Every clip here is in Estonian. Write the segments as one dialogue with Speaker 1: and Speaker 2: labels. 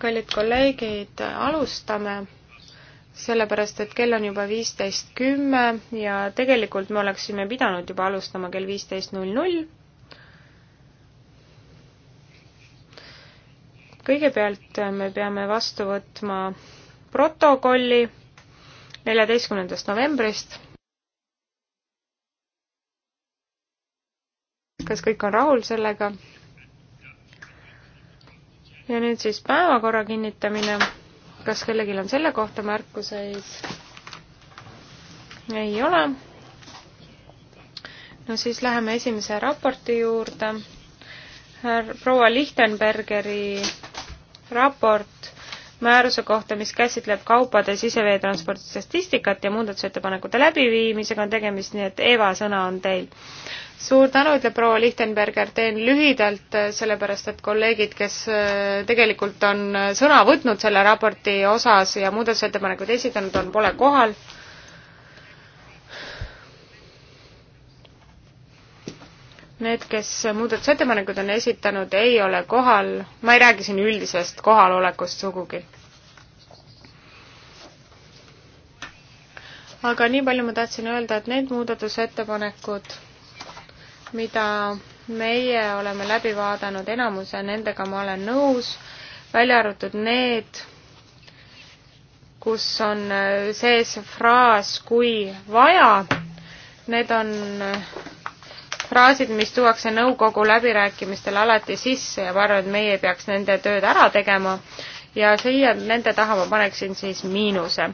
Speaker 1: kallid kolleegid, alustame, sellepärast et kell on juba viisteist kümme ja tegelikult me oleksime pidanud juba alustama kell viisteist null null. kõigepealt me peame vastu võtma protokolli neljateistkümnendast novembrist. kas kõik on rahul sellega? ja nüüd siis päevakorra kinnitamine. kas kellelgi on selle kohta märkuseid? ei ole. no siis läheme esimese raporti juurde. proua Lichtenbergeri raport määruse kohta, mis käsitleb kaupade siseveetranspordi statistikat ja muudatusettepanekute läbiviimisega on tegemist, nii et Eva sõna on teil. suur tänu, ütleb proua Lichtenberger, teen lühidalt, sellepärast et kolleegid, kes äh, tegelikult on äh, sõna võtnud selle raporti osas ja muudatusettepanekuid esitanud, on, pole kohal Need, kes muudatusettepanekud on esitanud, ei ole kohal, ma ei räägi siin üldisest kohalolekust sugugi. aga nii palju ma tahtsin öelda, et need muudatusettepanekud, mida meie oleme läbi vaadanud, enamuse nendega ma olen nõus, välja arvatud need, kus on sees fraas kui vaja, need on fraasid, mis tuuakse nõukogu läbirääkimistel alati sisse ja ma arvan, et meie ei peaks nende tööd ära tegema ja siia nende taha ma paneksin siis miinuse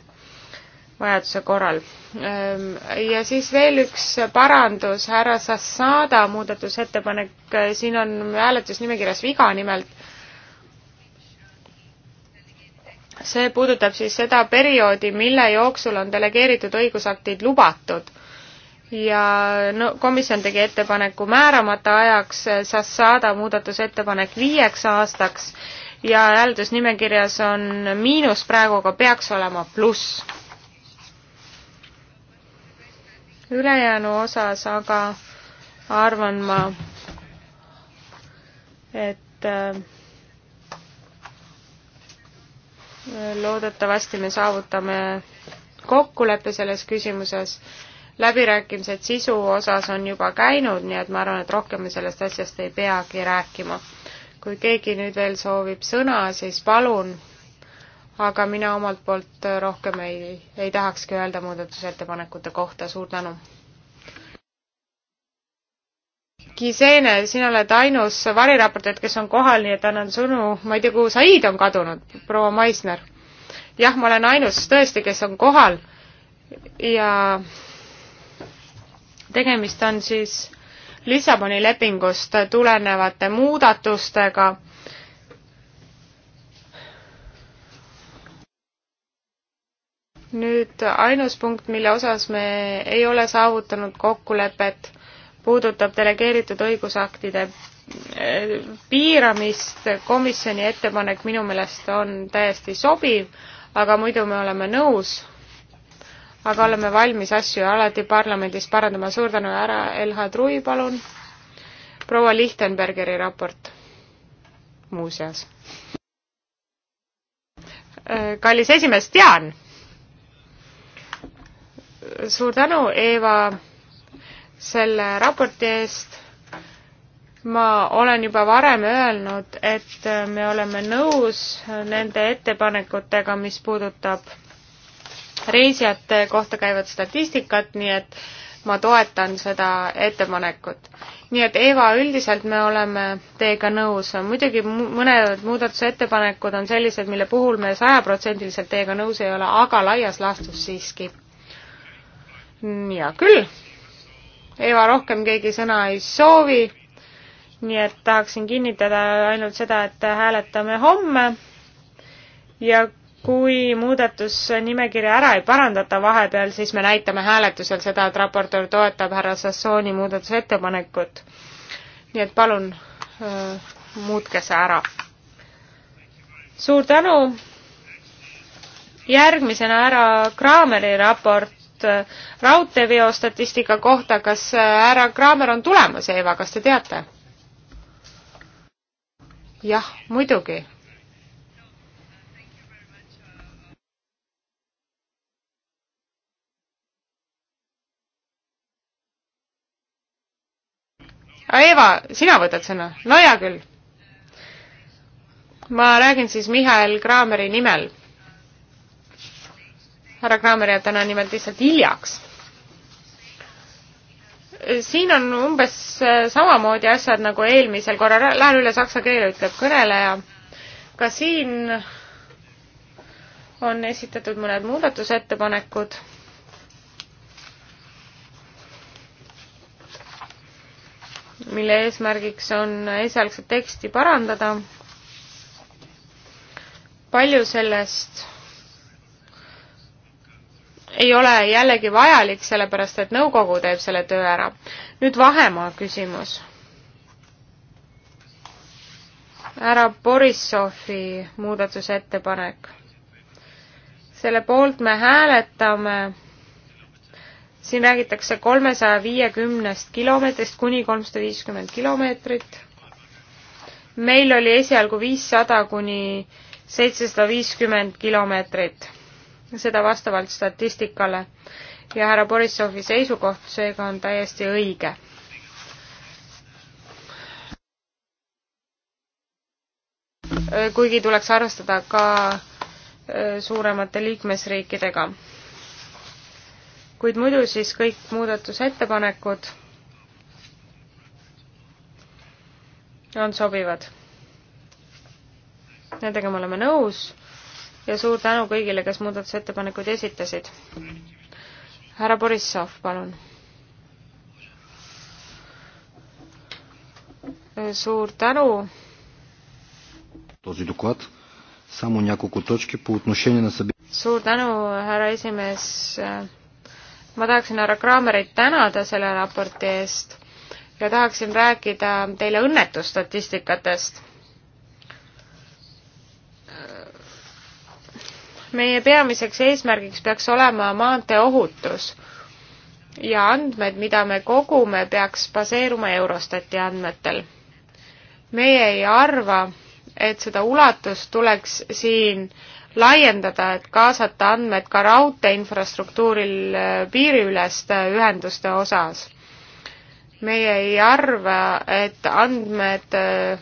Speaker 1: vajaduse korral. Ehm, ja siis veel üks parandus, härra Sassada muudatusettepanek, siin on hääletusnimekirjas viga nimelt. see puudutab siis seda perioodi, mille jooksul on delegeeritud õigusaktid lubatud ja no komisjon tegi ettepaneku määramata ajaks Sassada muudatusettepanek viieks aastaks ja hääldusnimekirjas on miinus praegu, aga peaks olema pluss. ülejäänu osas aga arvan ma, et äh, loodetavasti me saavutame kokkuleppe selles küsimuses läbirääkimised sisu osas on juba käinud, nii et ma arvan, et rohkem me sellest asjast ei peagi rääkima. kui keegi nüüd veel soovib sõna, siis palun, aga mina omalt poolt rohkem ei, ei tahakski öelda muudatusettepanekute kohta, suur tänu! Kiseene, sina oled ainus variraportöör, kes on kohal, nii et annan sõnu, ma ei tea, kuhu Said on kadunud, proua Maisner. jah, ma olen ainus tõesti, kes on kohal ja tegemist on siis Lissaboni lepingust tulenevate muudatustega nüüd ainus punkt, mille osas me ei ole saavutanud kokkulepet, puudutab delegeeritud õigusaktide eh, piiramist, komisjoni ettepanek minu meelest on täiesti sobiv, aga muidu me oleme nõus aga oleme valmis asju alati parlamendis parandama. suur tänu ära, LH Trui, palun. proua Lichtenbergeri raport muuseas. Äh, kallis esimees, tean. suur tänu, Eeva, selle raporti eest ma olen juba varem öelnud, et me oleme nõus nende ettepanekutega, mis puudutab reisijate kohta käivat statistikat, nii et ma toetan seda ettepanekut. nii et Eva, üldiselt me oleme teiega nõus, muidugi mõned muudatusettepanekud on sellised, mille puhul me sajaprotsendiliselt teiega nõus ei ole, aga laias laastus siiski. hea küll. Eva, rohkem keegi sõna ei soovi. nii et tahaksin kinnitada ainult seda, et hääletame homme ja kui muudatusnimekirja ära ei parandata vahepeal, siis me näitame hääletusel seda, et raportöör toetab härra Sassooni muudatusettepanekut. nii et palun äh, muutke see ära. suur tänu. järgmisena härra Kraameri raport äh, raudteeveostatistika kohta. kas härra äh, Kraamer on tulemas, Eeva, kas te teate? jah, muidugi Eva, sina võtad sõna? no hea küll. ma räägin siis Mihhail Kraameri nimel. härra Kraamer jääb täna nimelt lihtsalt hiljaks siin on umbes äh, samamoodi asjad nagu eelmisel korral, lähen üle saksa keele, ütleb kõneleja. ka siin on esitatud mõned muudatusettepanekud mille eesmärgiks on esialgset teksti parandada. palju sellest ei ole jällegi vajalik, sellepärast et nõukogu teeb selle töö ära. nüüd vahemaa küsimus. härra Borissovi muudatusettepanek. selle poolt me hääletame siin räägitakse kolmesaja viiekümnest kilomeetrist kuni kolmsada viiskümmend kilomeetrit. meil oli esialgu viissada kuni seitsesada viiskümmend kilomeetrit, seda vastavalt statistikale. ja härra Borissovi seisukoht seega on täiesti õige kuigi tuleks arvestada ka äh, suuremate liikmesriikidega kuid muidu siis kõik muudatusettepanekud on sobivad. Nendega me oleme nõus ja suur tänu kõigile, kes muudatusettepanekuid esitasid. härra Borissov, palun. suur tänu. suur tänu, härra esimees ma tahaksin härra Kraamerit tänada selle raporti eest ja tahaksin rääkida teile õnnetusstatistikatest. meie peamiseks eesmärgiks peaks olema maanteeohutus ja andmed, mida me kogume, peaks baseeruma Eurostati andmetel. meie ei arva, et seda ulatust tuleks siin äh, laiendada, et kaasata andmed ka raudteeinfrastruktuuril äh, piiriüleste äh, ühenduste osas. meie ei arva, et andmed äh,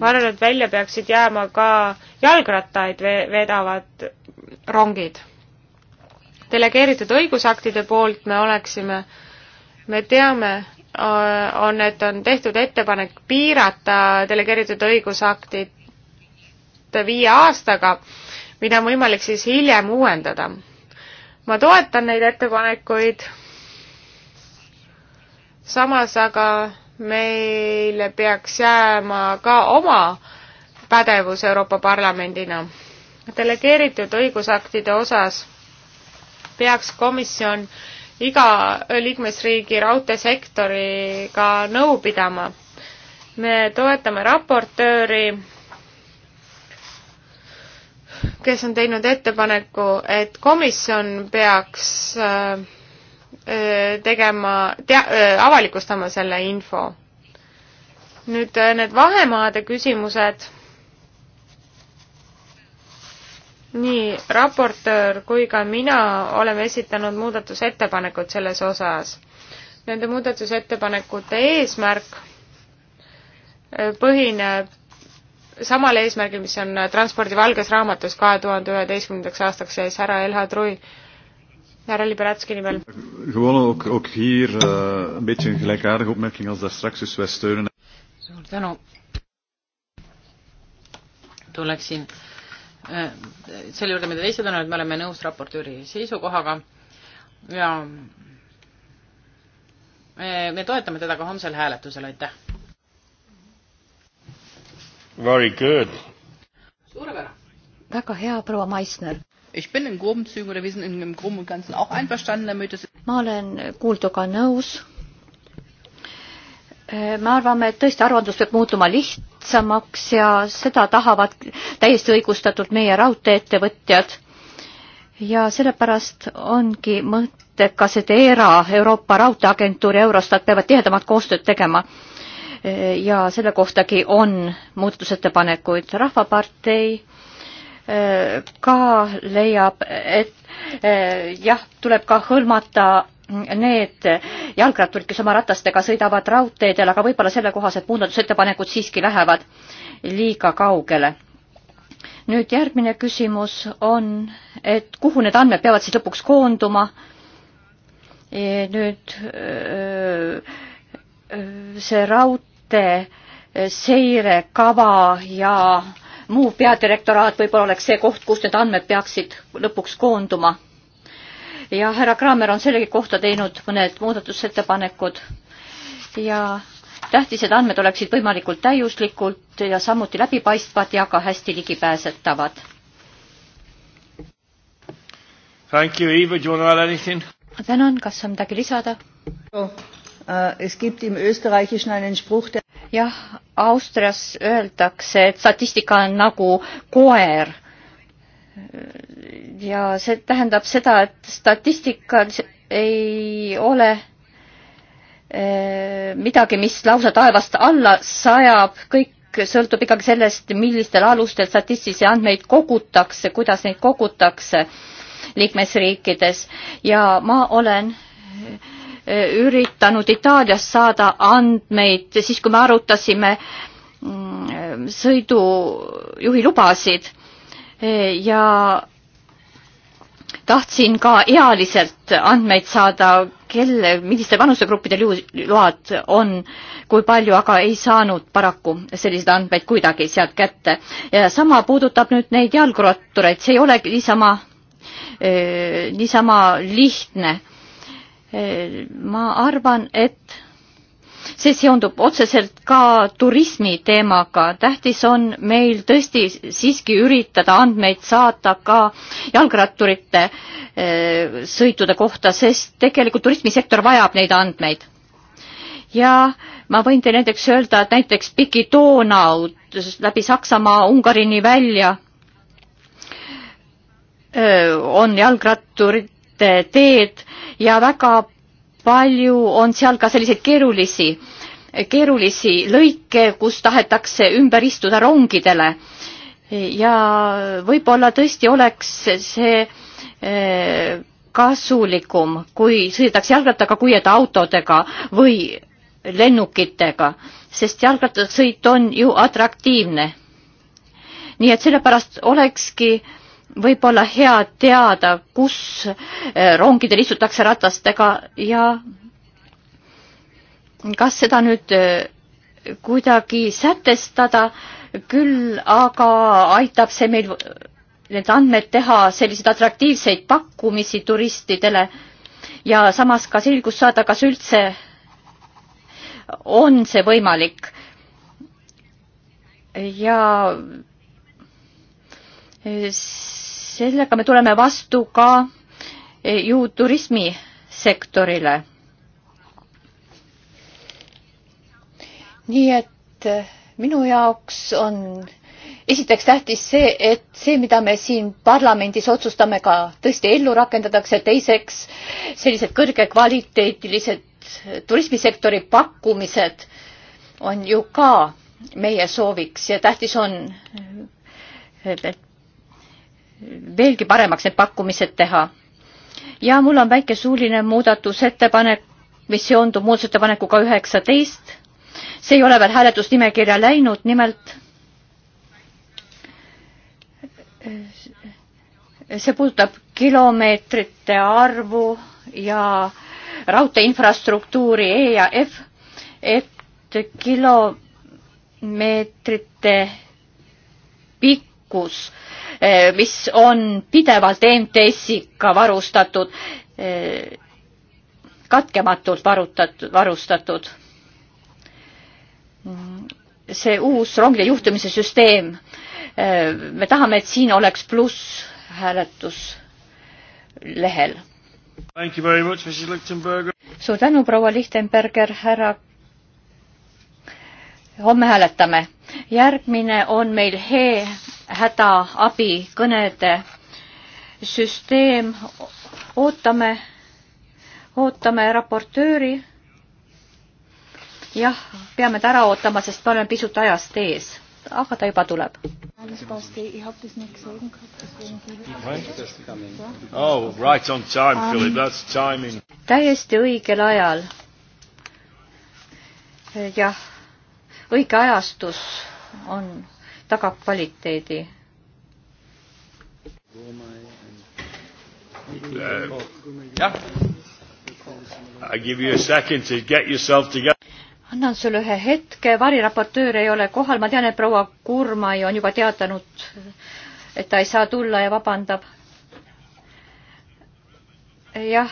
Speaker 1: ma arvan, et välja peaksid jääma ka jalgrattaid vedavad rongid. delegeeritud õigusaktide poolt me oleksime, me teame, Äh, on, et on tehtud ettepanek piirata delegeeritud õigusaktid viie aastaga, mida on võimalik siis hiljem uuendada. ma toetan neid ettepanekuid, samas aga meile peaks jääma ka oma pädevus Euroopa Parlamendina. delegeeritud õigusaktide osas peaks komisjon äh, iga liikmesriigi raudteesektoriga nõu pidama. me toetame raportööri, kes on teinud ettepaneku, et komisjon peaks äh, äh, tegema, äh, avalikustama selle info. nüüd need vahemaade küsimused nii raportöör kui ka mina oleme esitanud muudatusettepanekud selles osas. Nende muudatusettepanekute eesmärk äh, põhineb samal eesmärgil, mis on äh, transpordi valges raamatus kahe tuhande üheteistkümnendaks aastaks sees, härra Elha Trui, härra Liberatski nimel. Eh, suur tänu. tuleksin
Speaker 2: Äh, selle juurde, mida teised on öelnud, me oleme nõus raportööri seisukohaga ja äh, me toetame teda ka homsel hääletusel, aitäh. Very good.
Speaker 3: suurepärane. väga hea, proua Maisner. Ich bin in groben Zügen oder wir sind in im Groben und Ganzen auch einverstanden damit es ma olen kuulduga nõus Äh, me arvame, et tõesti aruandlus peab muutuma lihtsamaks ja seda tahavad täiesti õigustatult meie raudtee-ettevõtjad. ja sellepärast ongi mõttekas, et ERA, Euroopa Raudteeagentuur ja Eurostat peavad tihedamat koostööd tegema. Äh, ja selle kohtagi on muudatusettepanekuid. rahvapartei äh, ka leiab, et jah, tuleb ka hõlmata need jalgratturid, kes oma ratastega sõidavad raudteedel, aga võib-olla sellekohased muudatusettepanekud siiski lähevad liiga kaugele. nüüd järgmine küsimus on, et kuhu need andmed peavad siis lõpuks koonduma. E, nüüd e, e, see raudtee seirekava ja muu peadirektoraat võib-olla oleks see koht, kus need andmed peaksid lõpuks koonduma ja härra Kraamer on sellegi kohta teinud mõned muudatusettepanekud ja tähtis, et andmed oleksid võimalikult täiuslikult ja samuti läbipaistvad ja ka hästi ligipääsetavad. tänan, kas on midagi lisada? Oh, äh, jah, Austrias öeldakse, et statistika on nagu koer ja see tähendab seda, et statistikal ei ole eh, midagi, mis lausa taevast alla sajab, kõik sõltub ikkagi sellest, millistel alustel statistilisi andmeid kogutakse, kuidas neid kogutakse liikmesriikides ja ma olen eh, üritanud Itaaliast saada andmeid, siis kui me arutasime mm, sõidujuhilubasid ja tahtsin ka ealiselt andmeid saada, kelle, millistel vanusegruppidel juhiload on, kui palju, aga ei saanud paraku selliseid andmeid kuidagi sealt kätte. ja sama puudutab nüüd neid jalgrattureid, see ei olegi niisama, niisama lihtne. ma arvan, et see seondub otseselt ka turismi teemaga. tähtis on meil tõesti siiski üritada andmeid saada ka jalgratturite eh, sõitude kohta, sest tegelikult turismisektor vajab neid andmeid. ja ma võin teile näiteks öelda, et näiteks Piki-Donau läbi Saksamaa Ungarini välja eh, on jalgratturite teed ja väga palju on seal ka selliseid keerulisi, keerulisi lõike, kus tahetakse ümber istuda rongidele. ja võib-olla tõesti oleks see eh, kasulikum, kui sõidetakse jalgrattaga, kui et autodega või lennukitega, sest jalgrattasõit on ju atraktiivne. nii et sellepärast olekski äh, võib-olla hea teada, kus eh, rongidel istutakse ratastega ja kas seda nüüd eh, kuidagi sätestada, küll aga aitab see meil, need andmed teha selliseid atraktiivseid pakkumisi turistidele ja samas ka selgust saada, kas üldse on see võimalik. ja eh, sellega me tuleme vastu ka e, ju turismisektorile. nii et e, minu jaoks on esiteks tähtis see, et see, mida me siin parlamendis otsustame, ka tõesti ellu rakendatakse, teiseks sellised kõrgekvaliteetilised e, turismisektori pakkumised on ju ka meie sooviks ja tähtis on, et veelgi paremaks need pakkumised teha. ja mul on väike suuline muudatusettepanek, mis seondub muudatusettepanekuga üheksateist. see ei ole veel hääletusnimekirja läinud, nimelt see puudutab kilomeetrite arvu ja raudteeinfrastruktuuri E ja F, et kilomeetrite pikkus äh, Eh, mis on pidevalt EMTS-iga varustatud, eh, katkematult varutatud, varustatud. see uus rongide juhtimise süsteem, eh, me tahame, et siin oleks pluss hääletuslehel. suur tänu, proua Lichtenberger, härra homme hääletame. järgmine on meil He hädaabikõnede süsteem. ootame, ootame raportööri. jah, peame ta ära ootama, sest me oleme pisut ajast ees, aga ta juba tuleb.
Speaker 1: Oh, right
Speaker 2: on time, Philip, that's timing.
Speaker 3: täiesti õigel ajal. jah, õige ajastus on tagab kvaliteedi. annan sulle ühe hetke, variraportöör ei ole kohal, ma tean, et proua Kurmai on juba teatanud, et ta ei saa tulla ja vabandab. jah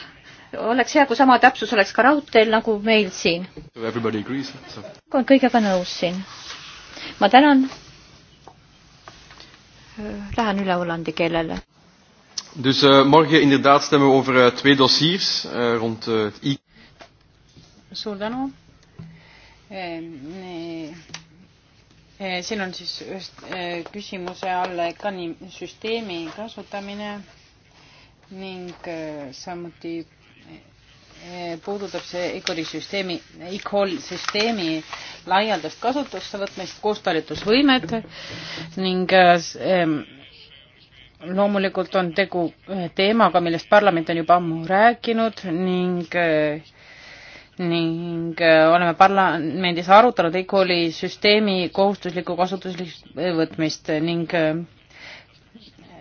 Speaker 3: oleks hea, kui sama täpsus oleks ka raudteel nagu meil siin. kõik on kõigega nõus siin. ma tänan lähen üle hollandi keelele.
Speaker 2: Dus uh, eh, morgen inderdaad stemmen we over uh, twee
Speaker 1: dossiers uh, rond uh, het I.
Speaker 3: Suur tänu.
Speaker 2: siin on siis ühest küsimuse all ECAN-i süsteemi kasutamine ning samuti Eh, puudutab see ECOL-i süsteemi, ECOL süsteemi laialdast kasutusse võtmist, koostalitusvõimet ning eh, loomulikult on tegu eh, teemaga, millest parlament on juba ammu rääkinud ning ning oleme parlamendis arutanud ECOL-i süsteemi kohustuslikku kasutuslikult võtmist ning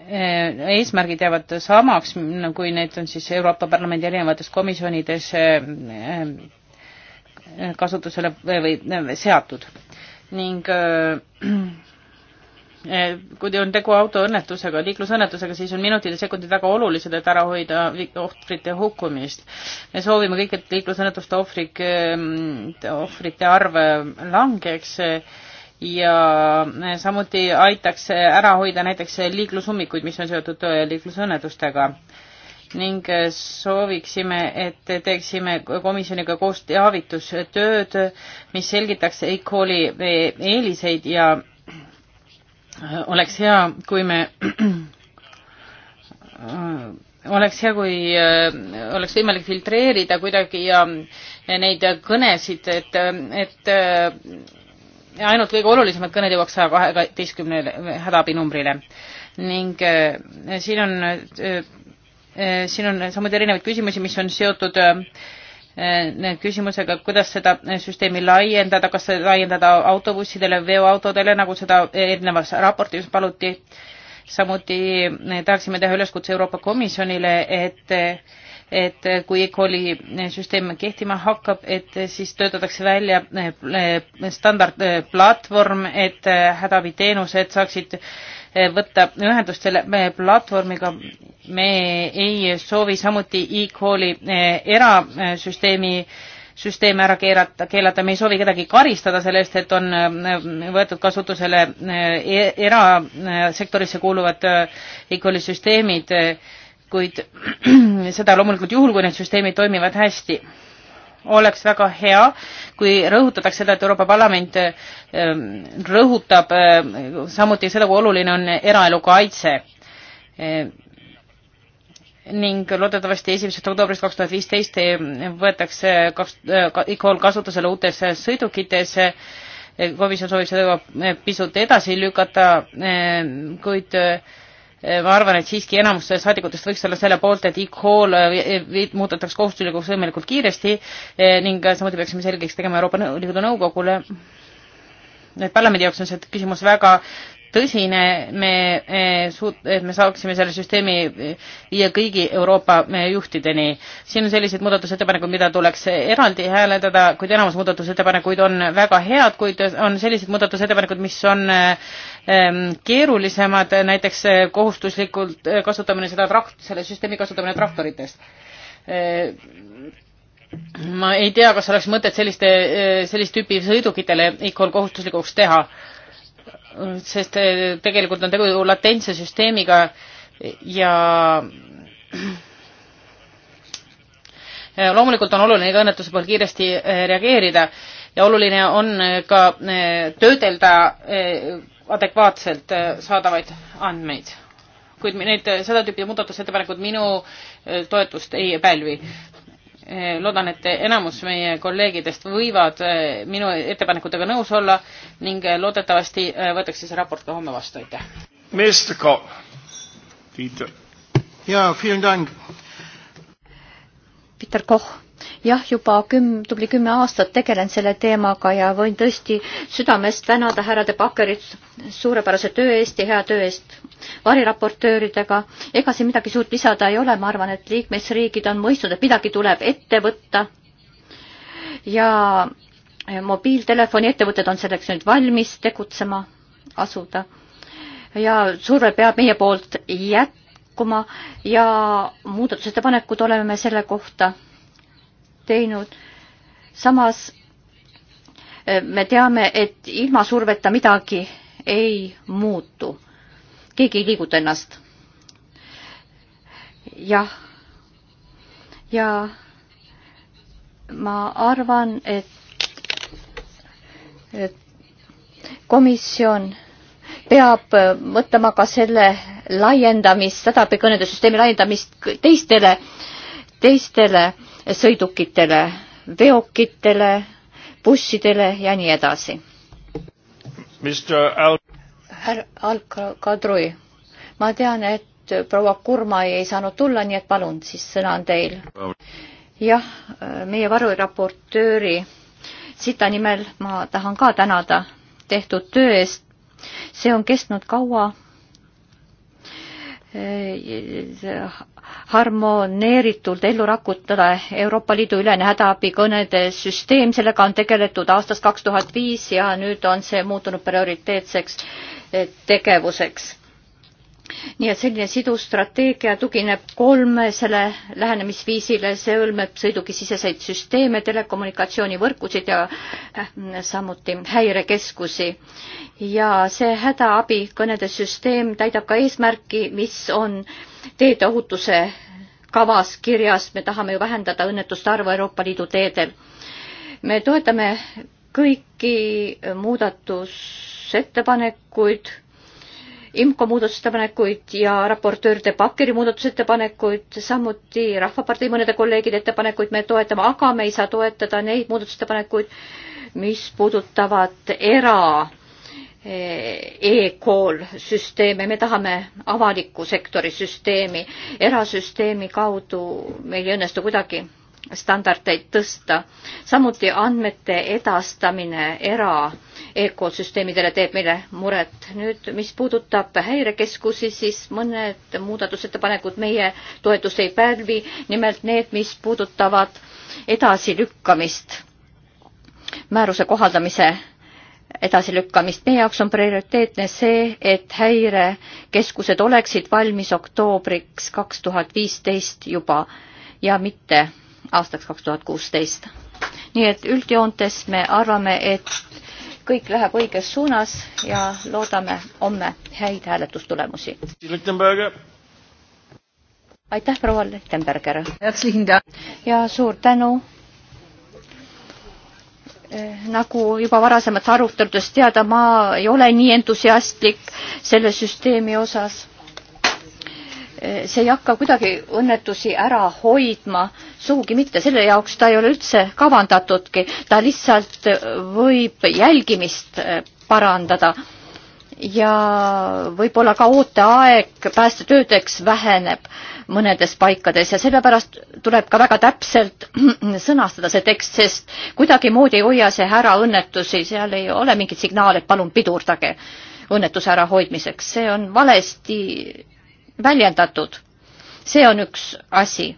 Speaker 2: Eh, eesmärgid jäävad samaks, kui need on siis Euroopa Parlamendi erinevates komisjonides eh, eh, kasutusele või seatud. ning kui on tegu autoõnnetusega, liiklusõnnetusega, siis on minutid ja sekundid väga olulised, et ära hoida ohvrite hukkumist. me soovime kõik, et liiklusõnnetuste ohvrik, ohvrite arv langeks ja eh, samuti aitaks eh, ära hoida näiteks eh, liiklusummikuid, mis on seotud liiklusõnnetustega ning sooviksime, et teeksime komisjoniga koos teavitustööd, mis selgitaks e-kooli eeliseid ja oleks hea, kui me oleks hea, kui oleks võimalik filtreerida kuidagi ja neid kõnesid, et, et ainult kõige olulisemad kõned jõuaks saja kaheteistkümnele hädaabinumbrile ning äh, siin on, äh, äh, siin on samuti erinevaid küsimusi, mis on seotud küsimusega, kuidas seda süsteemi laiendada, kas laiendada autobussidele, veoautodele, nagu seda eelnevas raportis paluti. samuti tahaksime teha üleskutse Euroopa Komisjonile, et et kui e-kooli süsteem kehtima hakkab, et siis töötatakse välja eh, standardplatvorm, eh, et eh, hädaabiteenused saaksid võtta ühendust selle platvormiga. me ei soovi samuti e-kooli erasüsteemi süsteeme ära keerata, keelata, me ei soovi kedagi karistada selle eest, et on võetud kasutusele e-, erasektorisse kuuluvad e-kooli süsteemid kuid seda loomulikult juhul, kui need süsteemid toimivad hästi. oleks väga hea, kui rõhutataks seda, et Euroopa Parlament ähm, rõhutab ähm, samuti seda, kui oluline on eraelu kaitse äh, ning loodetavasti esimesest oktoobrist kaks tuhat viisteist äh, võetakse kaks äh, e-call kasutusele uutes sõidukites. komisjon soovib seda pisut edasi lükata, kuid Äh, ma arvan, et siiski enamus saadikutest võiks olla selle poolt, et e-call äh, äh, muudetaks kohustuslikuks võimalikult kiiresti ning samuti peaksime selgeks tegema Euroopa Liidu Nõukogule, et parlamendi jaoks on see küsimus väga tõsine me, me suut-, et me saaksime selle süsteemi viia kõigi Euroopa juhtideni. siin on selliseid muudatusettepanekuid, mida tuleks eraldi hääletada, kuid enamus muudatusettepanekuid on väga head, kuid on sellised muudatusettepanekud, mis on ehm, keerulisemad, näiteks kohustuslikult kasutamine seda trakt-, selle süsteemi kasutamine traktorites ehm, ma ei tea, kas oleks mõtet selliste, ehm, sellist tüüpi sõidukitele ICOL kohustuslikuks teha sest eh, tegelikult on tegu latentse süsteemiga ja loomulikult on oluline iga õnnetuse puhul kiiresti eh, reageerida ja oluline on eh, ka töödelda adekvaatselt saadavaid andmeid. kuid neid, seda tüüpi muudatusettepanekud minu toetust ei pälvi. Eh, loodan, et enamus meie kolleegidest võivad eh, minu ettepanekutega nõus olla ning eh, loodetavasti võetakse see raport ka homme vastu, aitäh.
Speaker 1: Mr
Speaker 3: Kopp. Peter. jaa, vielen Dank. Peter Koch jah, juba küm-, tubli kümme aastat tegelen selle teemaga ja võin tõesti südamest tänada härra De Bakkerit suurepärase töö eest ja hea töö eest variraportööridega. ega siin midagi suurt lisada ei ole, ma arvan, et liikmesriigid on mõistnud, et midagi tuleb ette võtta. ja mobiiltelefoni ettevõtted on selleks nüüd valmis tegutsema asuda. ja surve peab meie poolt jätkuma ja muudatusettepanekud oleme me selle kohta teinud. samas eh, me teame, et ilma surveta midagi ei muutu keegi ei liiguta ennast. jah. ja ma arvan, et, et komisjon peab mõtlema ka selle laiendamist, hädaabikõnedesüsteemi laiendamist teistele, teistele sõidukitele, veokitele, bussidele ja nii edasi. Al... Al-Kadri, ma tean, et proua Kurmai ei saanud tulla, nii et palun, siis sõna on teil. jah, meie varuraportööri Sita nimel ma tahan ka tänada tehtud töö eest. see on kestnud kaua harmoneeritult ellu rakutada Euroopa Liidu ülene hädaabikõnede süsteem, sellega on tegeletud aastast kaks tuhat viis ja nüüd on see muutunud prioriteetseks tegevuseks. nii et selline sidusstrateegia tugineb kolmesele lähenemisviisile, see hõlmab sõidukisiseseid süsteeme, telekommunikatsioonivõrkusid ja äh, samuti häirekeskusi. ja see hädaabikõnede süsteem täidab ka eesmärki, mis on teede ohutuse kavas kirjas, me tahame ju vähendada õnnetuste arvu Euroopa Liidu teedel. me toetame kõiki muudatus muudatusettepanekuid, IMCO muudatusettepanekuid ja raportöör De Bakkeri muudatusettepanekuid, samuti Rahvapartei mõnede kolleegide ettepanekuid me toetame, aga me ei saa toetada neid muudatusettepanekuid, mis puudutavad era e-call eh, süsteeme, me tahame avaliku sektori süsteemi, erasüsteemi kaudu meil ei õnnestu kuidagi standardeid tõsta. samuti andmete edastamine era e-koodsüsteemidele teeb meile muret. nüüd, mis puudutab häirekeskusi, siis mõned muudatusettepanekud meie toetust ei pälvi, nimelt need, mis puudutavad edasilükkamist, määruse kohaldamise edasilükkamist. meie jaoks on prioriteetne see, et häirekeskused oleksid valmis oktoobriks kaks tuhat viisteist juba ja mitte aastaks kaks tuhat kuusteist. nii et üldjoontes me arvame, et kõik läheb õiges suunas ja loodame homme häid hääletustulemusi. aitäh, proua Lichtenberger! ja suur tänu! nagu juba varasemates aruteludest teada, ma ei ole nii entusiastlik selle süsteemi osas see ei hakka kuidagi õnnetusi ära hoidma, sugugi mitte, selle jaoks ta ei ole üldse kavandatudki, ta lihtsalt võib jälgimist äh, parandada ja võib-olla ka ooteaeg päästetöödeks väheneb mõnedes paikades ja sellepärast tuleb ka väga täpselt sõnastada see tekst, sest kuidagimoodi ei hoia see ära õnnetusi, seal ei ole mingit signaali, et palun pidurdage õnnetuse ärahoidmiseks, see on valesti väljendatud. see on üks asi.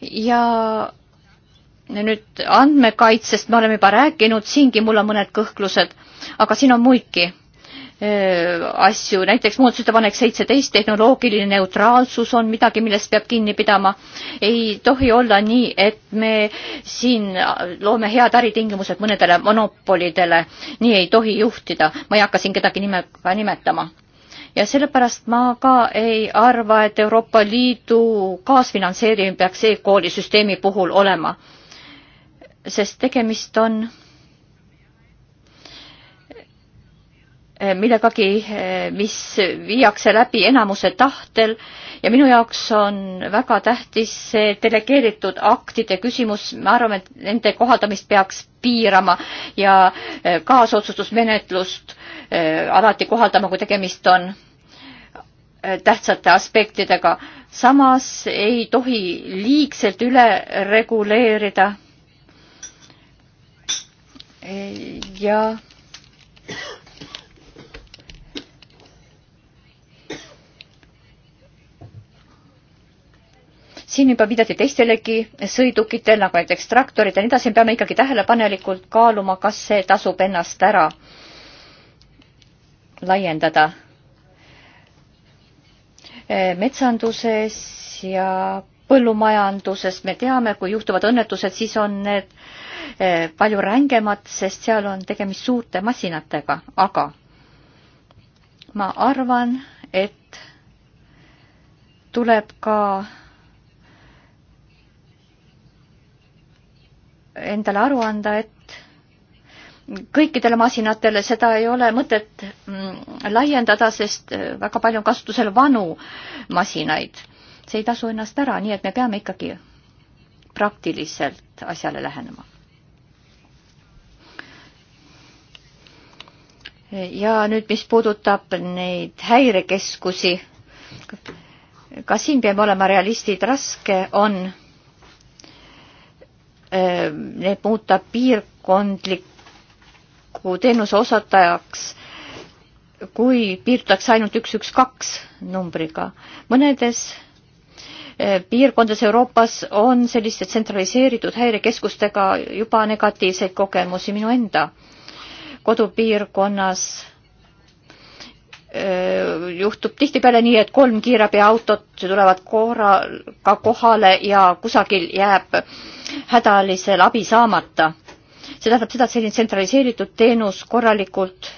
Speaker 3: ja nüüd andmekaitsest me oleme juba rääkinud, siingi mul on mõned kõhklused, aga siin on muidki asju, näiteks muudatusettepanek seitseteist, tehnoloogiline neutraalsus on midagi, millest peab kinni pidama. ei tohi olla nii, et me siin loome head äritingimused mõnedele monopolidele, nii ei tohi juhtida, ma ei hakka siin kedagi nimega nimetama ja sellepärast ma ka ei arva, et Euroopa Liidu kaasfinantseerimine peaks e-koolisüsteemi puhul olema, sest tegemist on Eh, millegagi, eh, mis viiakse läbi enamuse tahtel ja minu jaoks on väga tähtis see delegeeritud aktide küsimus, ma arvan, et nende kohaldamist peaks piirama ja eh, kaasotsustusmenetlust alati kohaldama, kui tegemist on tähtsate aspektidega. samas ei tohi liigselt üle reguleerida. ja siin juba viidati teistelegi sõidukitel nagu näiteks traktorid ja nii edasi, me peame ikkagi tähelepanelikult kaaluma, kas see tasub ennast ära laiendada. E, metsanduses ja põllumajanduses me teame, kui juhtuvad õnnetused, siis on need e, palju rängemad, sest seal on tegemist suurte masinatega, aga ma arvan, et tuleb ka endale aru anda, et kõikidele masinatele seda ei ole mõtet mm, laiendada, sest äh, väga palju on kasutusel vanu masinaid. see ei tasu ennast ära, nii et me peame ikkagi praktiliselt asjale lähenema. ja nüüd, mis puudutab neid häirekeskusi, ka siin peame olema realistid, raske on Ehm, need muuta piirkondliku teenuse osutajaks, kui piirdutakse ainult üks, üks, kaks numbriga. mõnedes eh, piirkondades Euroopas on selliste tsentraliseeritud häirekeskustega juba negatiivseid kogemusi minu enda kodupiirkonnas Äh, juhtub tihtipeale nii, et kolm kiirabiautot tulevad korraga kohale ja kusagil jääb hädalisel abi saamata. see tähendab seda, et selline tsentraliseeritud teenus korralikult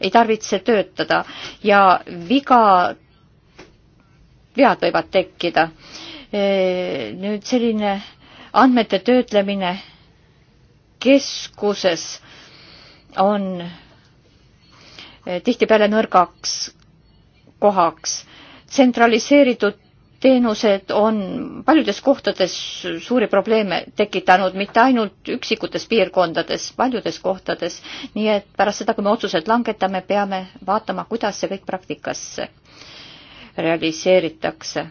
Speaker 3: ei tarvitse töötada ja viga, vead võivad tekkida. Äh, nüüd selline andmete töötlemine keskuses on Eh, tihtipeale nõrgaks kohaks. tsentraliseeritud teenused on paljudes kohtades suuri probleeme tekitanud, mitte ainult üksikutes piirkondades, paljudes kohtades. nii et pärast seda, kui me otsused langetame, peame vaatama, kuidas see kõik praktikasse realiseeritakse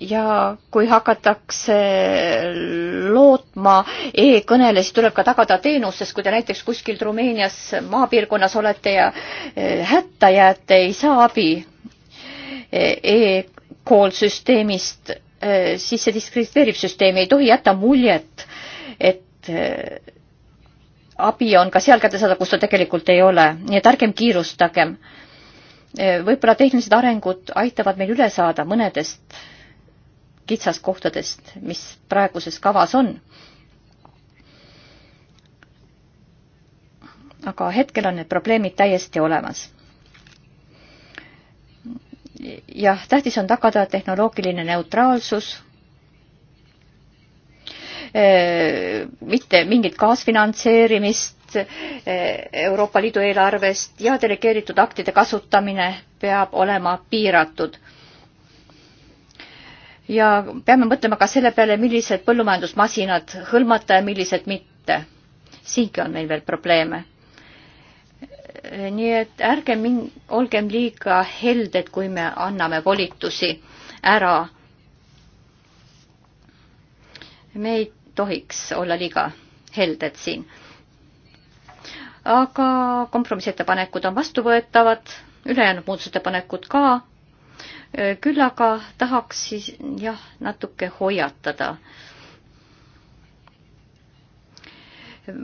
Speaker 3: ja kui hakatakse lootma e-kõnele, siis tuleb ka tagada teenus, sest kui te näiteks kuskilt Rumeenias maapiirkonnas olete ja eh, hätta jääte, ei saa abi eh, e-call süsteemist, eh, siis see diskrediteerib süsteemi, ei tohi jätta muljet, et abi on ka seal kätte saada, kus ta tegelikult ei ole, nii et ärgem kiirustagem võib-olla tehnilised arengud aitavad meil üle saada mõnedest kitsaskohtadest, mis praeguses kavas on. aga hetkel on need probleemid täiesti olemas. jah, tähtis on tagada tehnoloogiline neutraalsus, mitte mingit kaasfinantseerimist Euroopa Liidu eelarvest ja delegeeritud aktide kasutamine peab olema piiratud ja peame mõtlema ka selle peale, millised põllumajandusmasinad hõlmata ja millised mitte. siingi on meil veel probleeme. nii et ärge min-, olgem liiga helded, kui me anname volitusi ära. me ei tohiks olla liiga helded siin. aga kompromissettepanekud on vastuvõetavad, ülejäänud muudatusettepanekud ka Äh, küll aga tahaks siis jah, natuke hoiatada.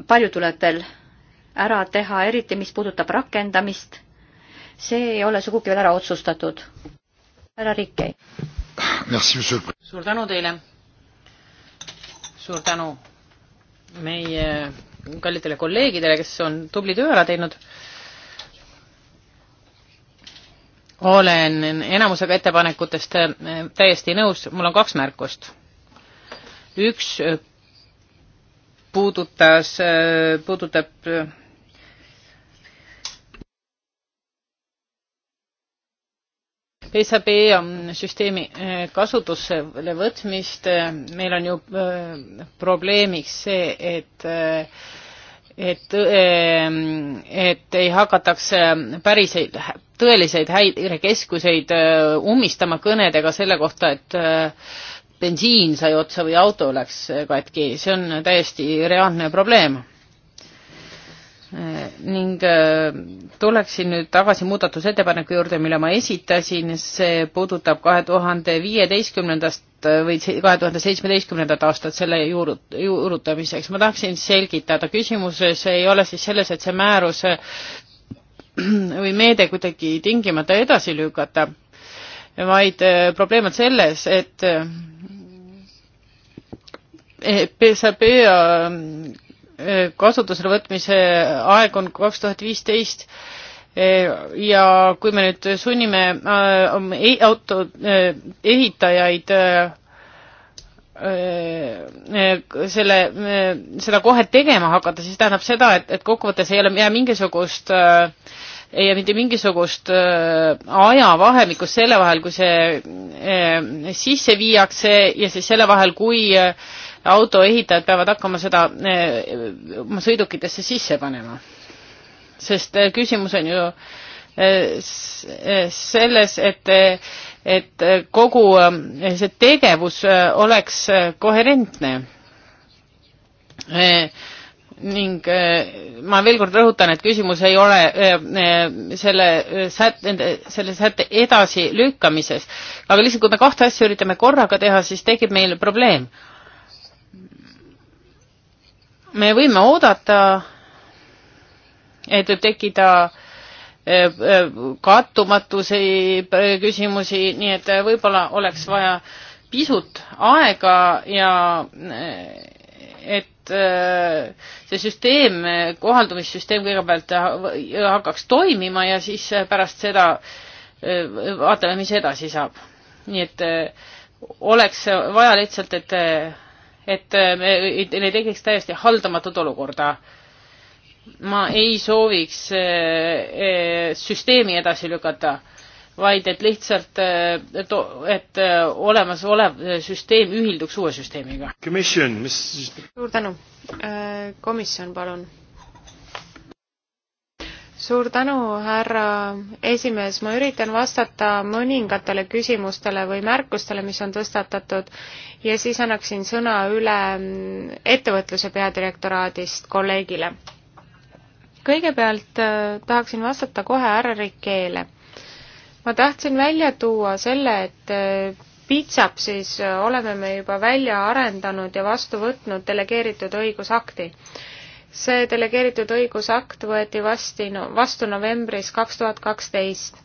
Speaker 3: palju tuleb veel ära teha, eriti mis puudutab rakendamist. see ei ole sugugi veel ära otsustatud. härra Rikkei. suur
Speaker 2: tänu teile. suur tänu meie kallitele kolleegidele, kes on tubli töö ära teinud olen enamusega ettepanekutest äh, täiesti nõus, mul on kaks märkust. üks äh, puudutas, äh, puudutab PSAB ähm, süsteemi kasutusele võtmist, meil on ju probleemiks see, et et, et ei hakataks päriseid, tõeliseid häirekeskuseid äh, ummistama kõnedega selle kohta, et äh, bensiin sai otsa või auto läks äh, katki, see on täiesti reaalne probleem. ning tuleksin nüüd tagasi muudatusettepaneku juurde, mille ma esitasin, see puudutab kahe tuhande viieteistkümnendast või kahe tuhande seitsmeteistkümnendat aastat selle juuru-, juurutamiseks. ma tahaksin selgitada, küsimus ei ole siis selles, et see määrus või meede kuidagi tingimata edasi lükata, vaid äh, probleem on selles, et äh, PSAB äh, kasutusele võtmise aeg on kaks tuhat viisteist ja kui me nüüd sunnime auto ehitajaid Äh, äh, selle, äh, seda kohe tegema hakata, siis tähendab seda, et, et kokkuvõttes ei ole jää mingisugust ei jää mitte mingisugust ajavahemikku selle vahel, kui see sisse viiakse ja siis selle vahel, kui autoehitajad peavad hakkama seda oma sõidukitesse sisse panema. sest küsimus on ju äh, selles, et, et kogu see tegevus äh, oleks äh, koherentne. Äh, ning ma veel kord rõhutan, et küsimus ei ole selle sät-, selle sätte edasilükkamises, aga lihtsalt, kui me kahte asja üritame korraga teha, siis tekib meil probleem. me võime oodata, et võib tekkida äh, Äh, äh, kattumatuse äh, küsimusi, nii et võib-olla oleks vaja pisut aega ja et see süsteem, kohaldumissüsteem kõigepealt hakkaks toimima ja siis pärast seda vaatame, mis edasi saab. nii et oleks vaja lihtsalt, et, et me ei tekiks täiesti haldamatud olukorda ma ei sooviks eh, eh, süsteemi edasi lükata, vaid et lihtsalt, eh, et olemasolev süsteem ühilduks uue süsteemiga.
Speaker 1: suur tänu. komisjon, palun. suur tänu, härra esimees, ma üritan vastata mõningatele küsimustele või märkustele, mis on tõstatatud ja siis annaksin sõna üle mm, ettevõtluse peadirektoraadist kolleegile kõigepealt äh, tahaksin vastata kohe ärarikeele. ma tahtsin välja tuua selle, et äh, Pitsap siis äh, oleme me juba välja arendanud ja vastu võtnud delegeeritud õigusakti. see delegeeritud õigusakt võeti vasti no,, vastu novembris kaks tuhat kaksteist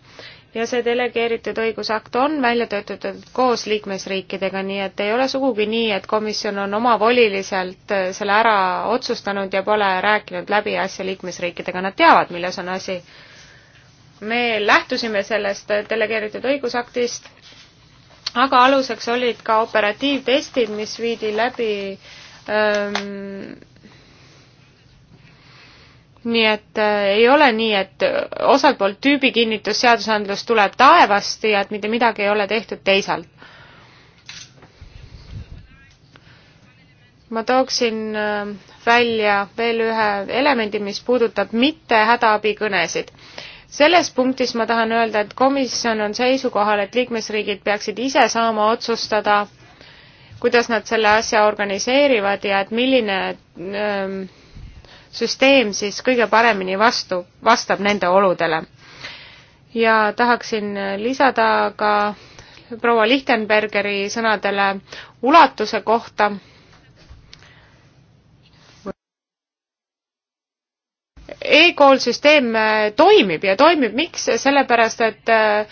Speaker 1: ja see delegeeritud õigusakt on välja töötatud koos liikmesriikidega, nii et ei ole sugugi nii, et komisjon on omavoliliselt äh, selle ära otsustanud ja pole rääkinud läbi asja liikmesriikidega, nad teavad, milles on asi. me lähtusime sellest delegeeritud õigusaktist, aga aluseks olid ka operatiivtestid, mis viidi läbi ähm, nii et äh, ei ole nii, et äh, osalt poolt tüübikinnitus seadusandlus tuleb taevast ja et mitte midagi ei ole tehtud teisalt. ma tooksin äh, välja veel ühe elemendi, mis puudutab mitte hädaabikõnesid. selles punktis ma tahan öelda, et komisjon on seisukohal, et liikmesriigid peaksid ise saama otsustada, kuidas nad selle asja organiseerivad ja et milline öö, äh, süsteem siis kõige paremini vastu, vastab nende oludele. ja tahaksin lisada ka proua Lichtenbergeri sõnadele ulatuse kohta. E-kool süsteem äh, toimib ja toimib, miks, sellepärast et äh,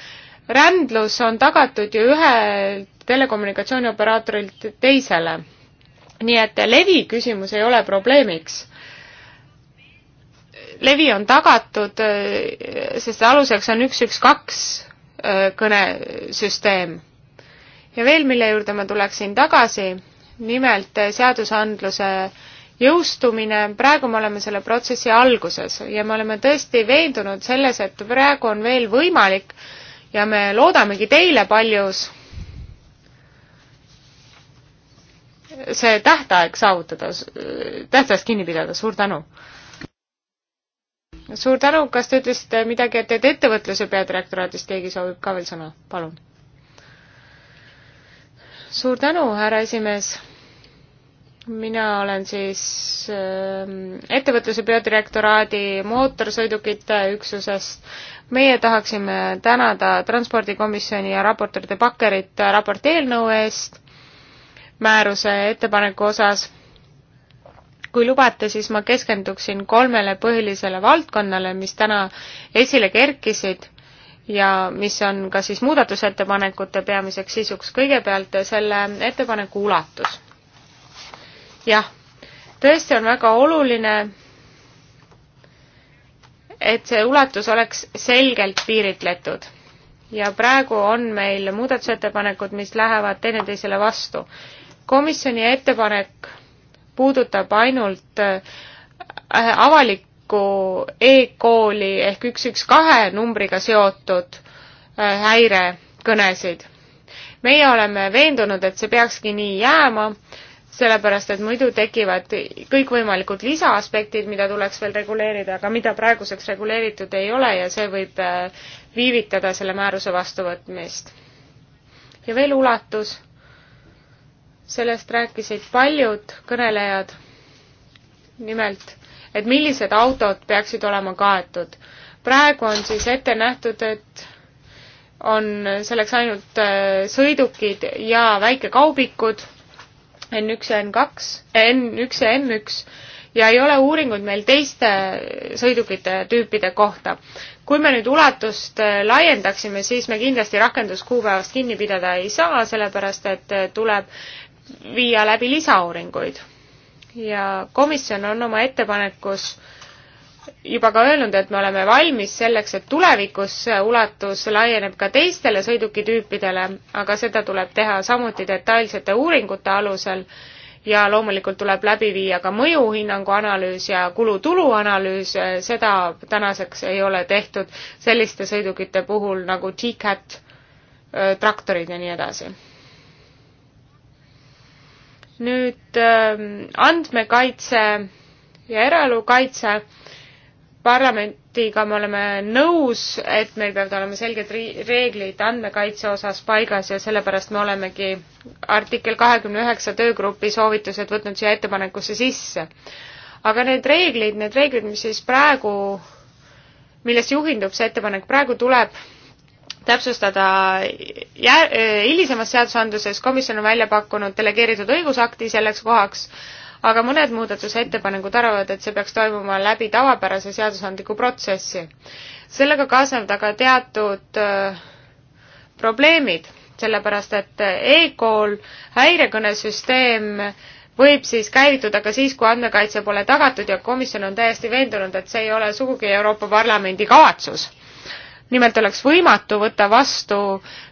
Speaker 1: rändlus on tagatud ju ühelt telekommunikatsioonioperaatorit teisele. nii et levi küsimus ei ole probleemiks levi on tagatud, äh, sest aluseks on üks, üks, kaks äh, kõnesüsteem. ja veel, mille juurde ma tuleksin tagasi, nimelt äh, seadusandluse jõustumine, praegu me oleme selle protsessi alguses ja me oleme tõesti veendunud selles, et praegu on veel võimalik ja me loodamegi teile paljus see tähtaeg saavutada, tähtajast kinni pidada, suur tänu! suur tänu, kas te ütlesite midagi, et, et ettevõtluse peadirektoraadist keegi soovib ka veel sõna, palun? suur tänu, härra esimees. mina olen siis äh, ettevõtluse peadirektoraadi mootorsõidukite üksusest. meie tahaksime tänada Transpordikomisjoni ja raportööride Bakkerit raporti eelnõu eest määruse ettepaneku osas kui lubate, siis ma keskenduksin kolmele põhilisele valdkonnale, mis täna esile kerkisid ja mis on ka siis muudatusettepanekute peamiseks sisuks. kõigepealt selle ettepaneku ulatus. jah, tõesti on väga oluline, et see ulatus oleks selgelt piiritletud ja praegu on meil muudatusettepanekud, mis lähevad teineteisele vastu. komisjoni ettepanek puudutab ainult äh, avalikku e-kooli ehk üks, üks, kahe numbriga seotud äh, häirekõnesid. meie oleme veendunud, et see peakski nii jääma, sellepärast et muidu tekivad kõikvõimalikud lisaaspektid, mida tuleks veel reguleerida, aga mida praeguseks reguleeritud ei ole ja see võib äh, viivitada selle määruse vastuvõtmist. ja veel ulatus sellest rääkisid paljud kõnelejad, nimelt, et millised autod peaksid olema kaetud. praegu on siis ette nähtud, et on selleks ainult äh, sõidukid ja väikekaubikud N1 ja N2, N1 ja M1 ja ei ole uuringuid meil teiste sõidukite tüüpide kohta. kui me nüüd ulatust äh, laiendaksime, siis me kindlasti rakenduskuupäevast kinni pidada ei saa, sellepärast et äh, tuleb viia läbi lisauuringuid. ja komisjon on oma ettepanekus juba ka öelnud, et me oleme valmis selleks, et tulevikus see ulatus laieneb ka teistele sõidukitüüpidele, aga seda tuleb teha samuti detailsete uuringute alusel ja loomulikult tuleb läbi viia ka mõjuhinnangu analüüs ja kulutulu analüüs, seda tänaseks ei ole tehtud selliste sõidukite puhul nagu G-Cat, traktorid ja nii edasi nüüd ähm, andmekaitse ja eraelu kaitse parlamendiga me oleme nõus, et meil peavad olema selged reeglid andmekaitse osas paigas ja sellepärast me olemegi artikkel kahekümne üheksa töögrupi soovitused võtnud siia ettepanekusse sisse. aga need reeglid, need reeglid, mis siis praegu, millest juhindub see ettepanek, praegu tuleb täpsustada jär-, äh, hilisemas seadusandluses, komisjon on välja pakkunud delegeeritud õigusakti selleks kohaks, aga mõned muudatusettepanekud arvavad, et see peaks toimuma läbi tavapärase seadusandliku protsessi. sellega kaasnevad aga teatud äh, probleemid, sellepärast et e-kool häirekõnesüsteem võib siis käivituda ka siis, kui andmekaitse pole tagatud ja komisjon on täiesti veendunud, et see ei ole sugugi Euroopa Parlamendi kavatsus nimelt oleks võimatu võtta vastu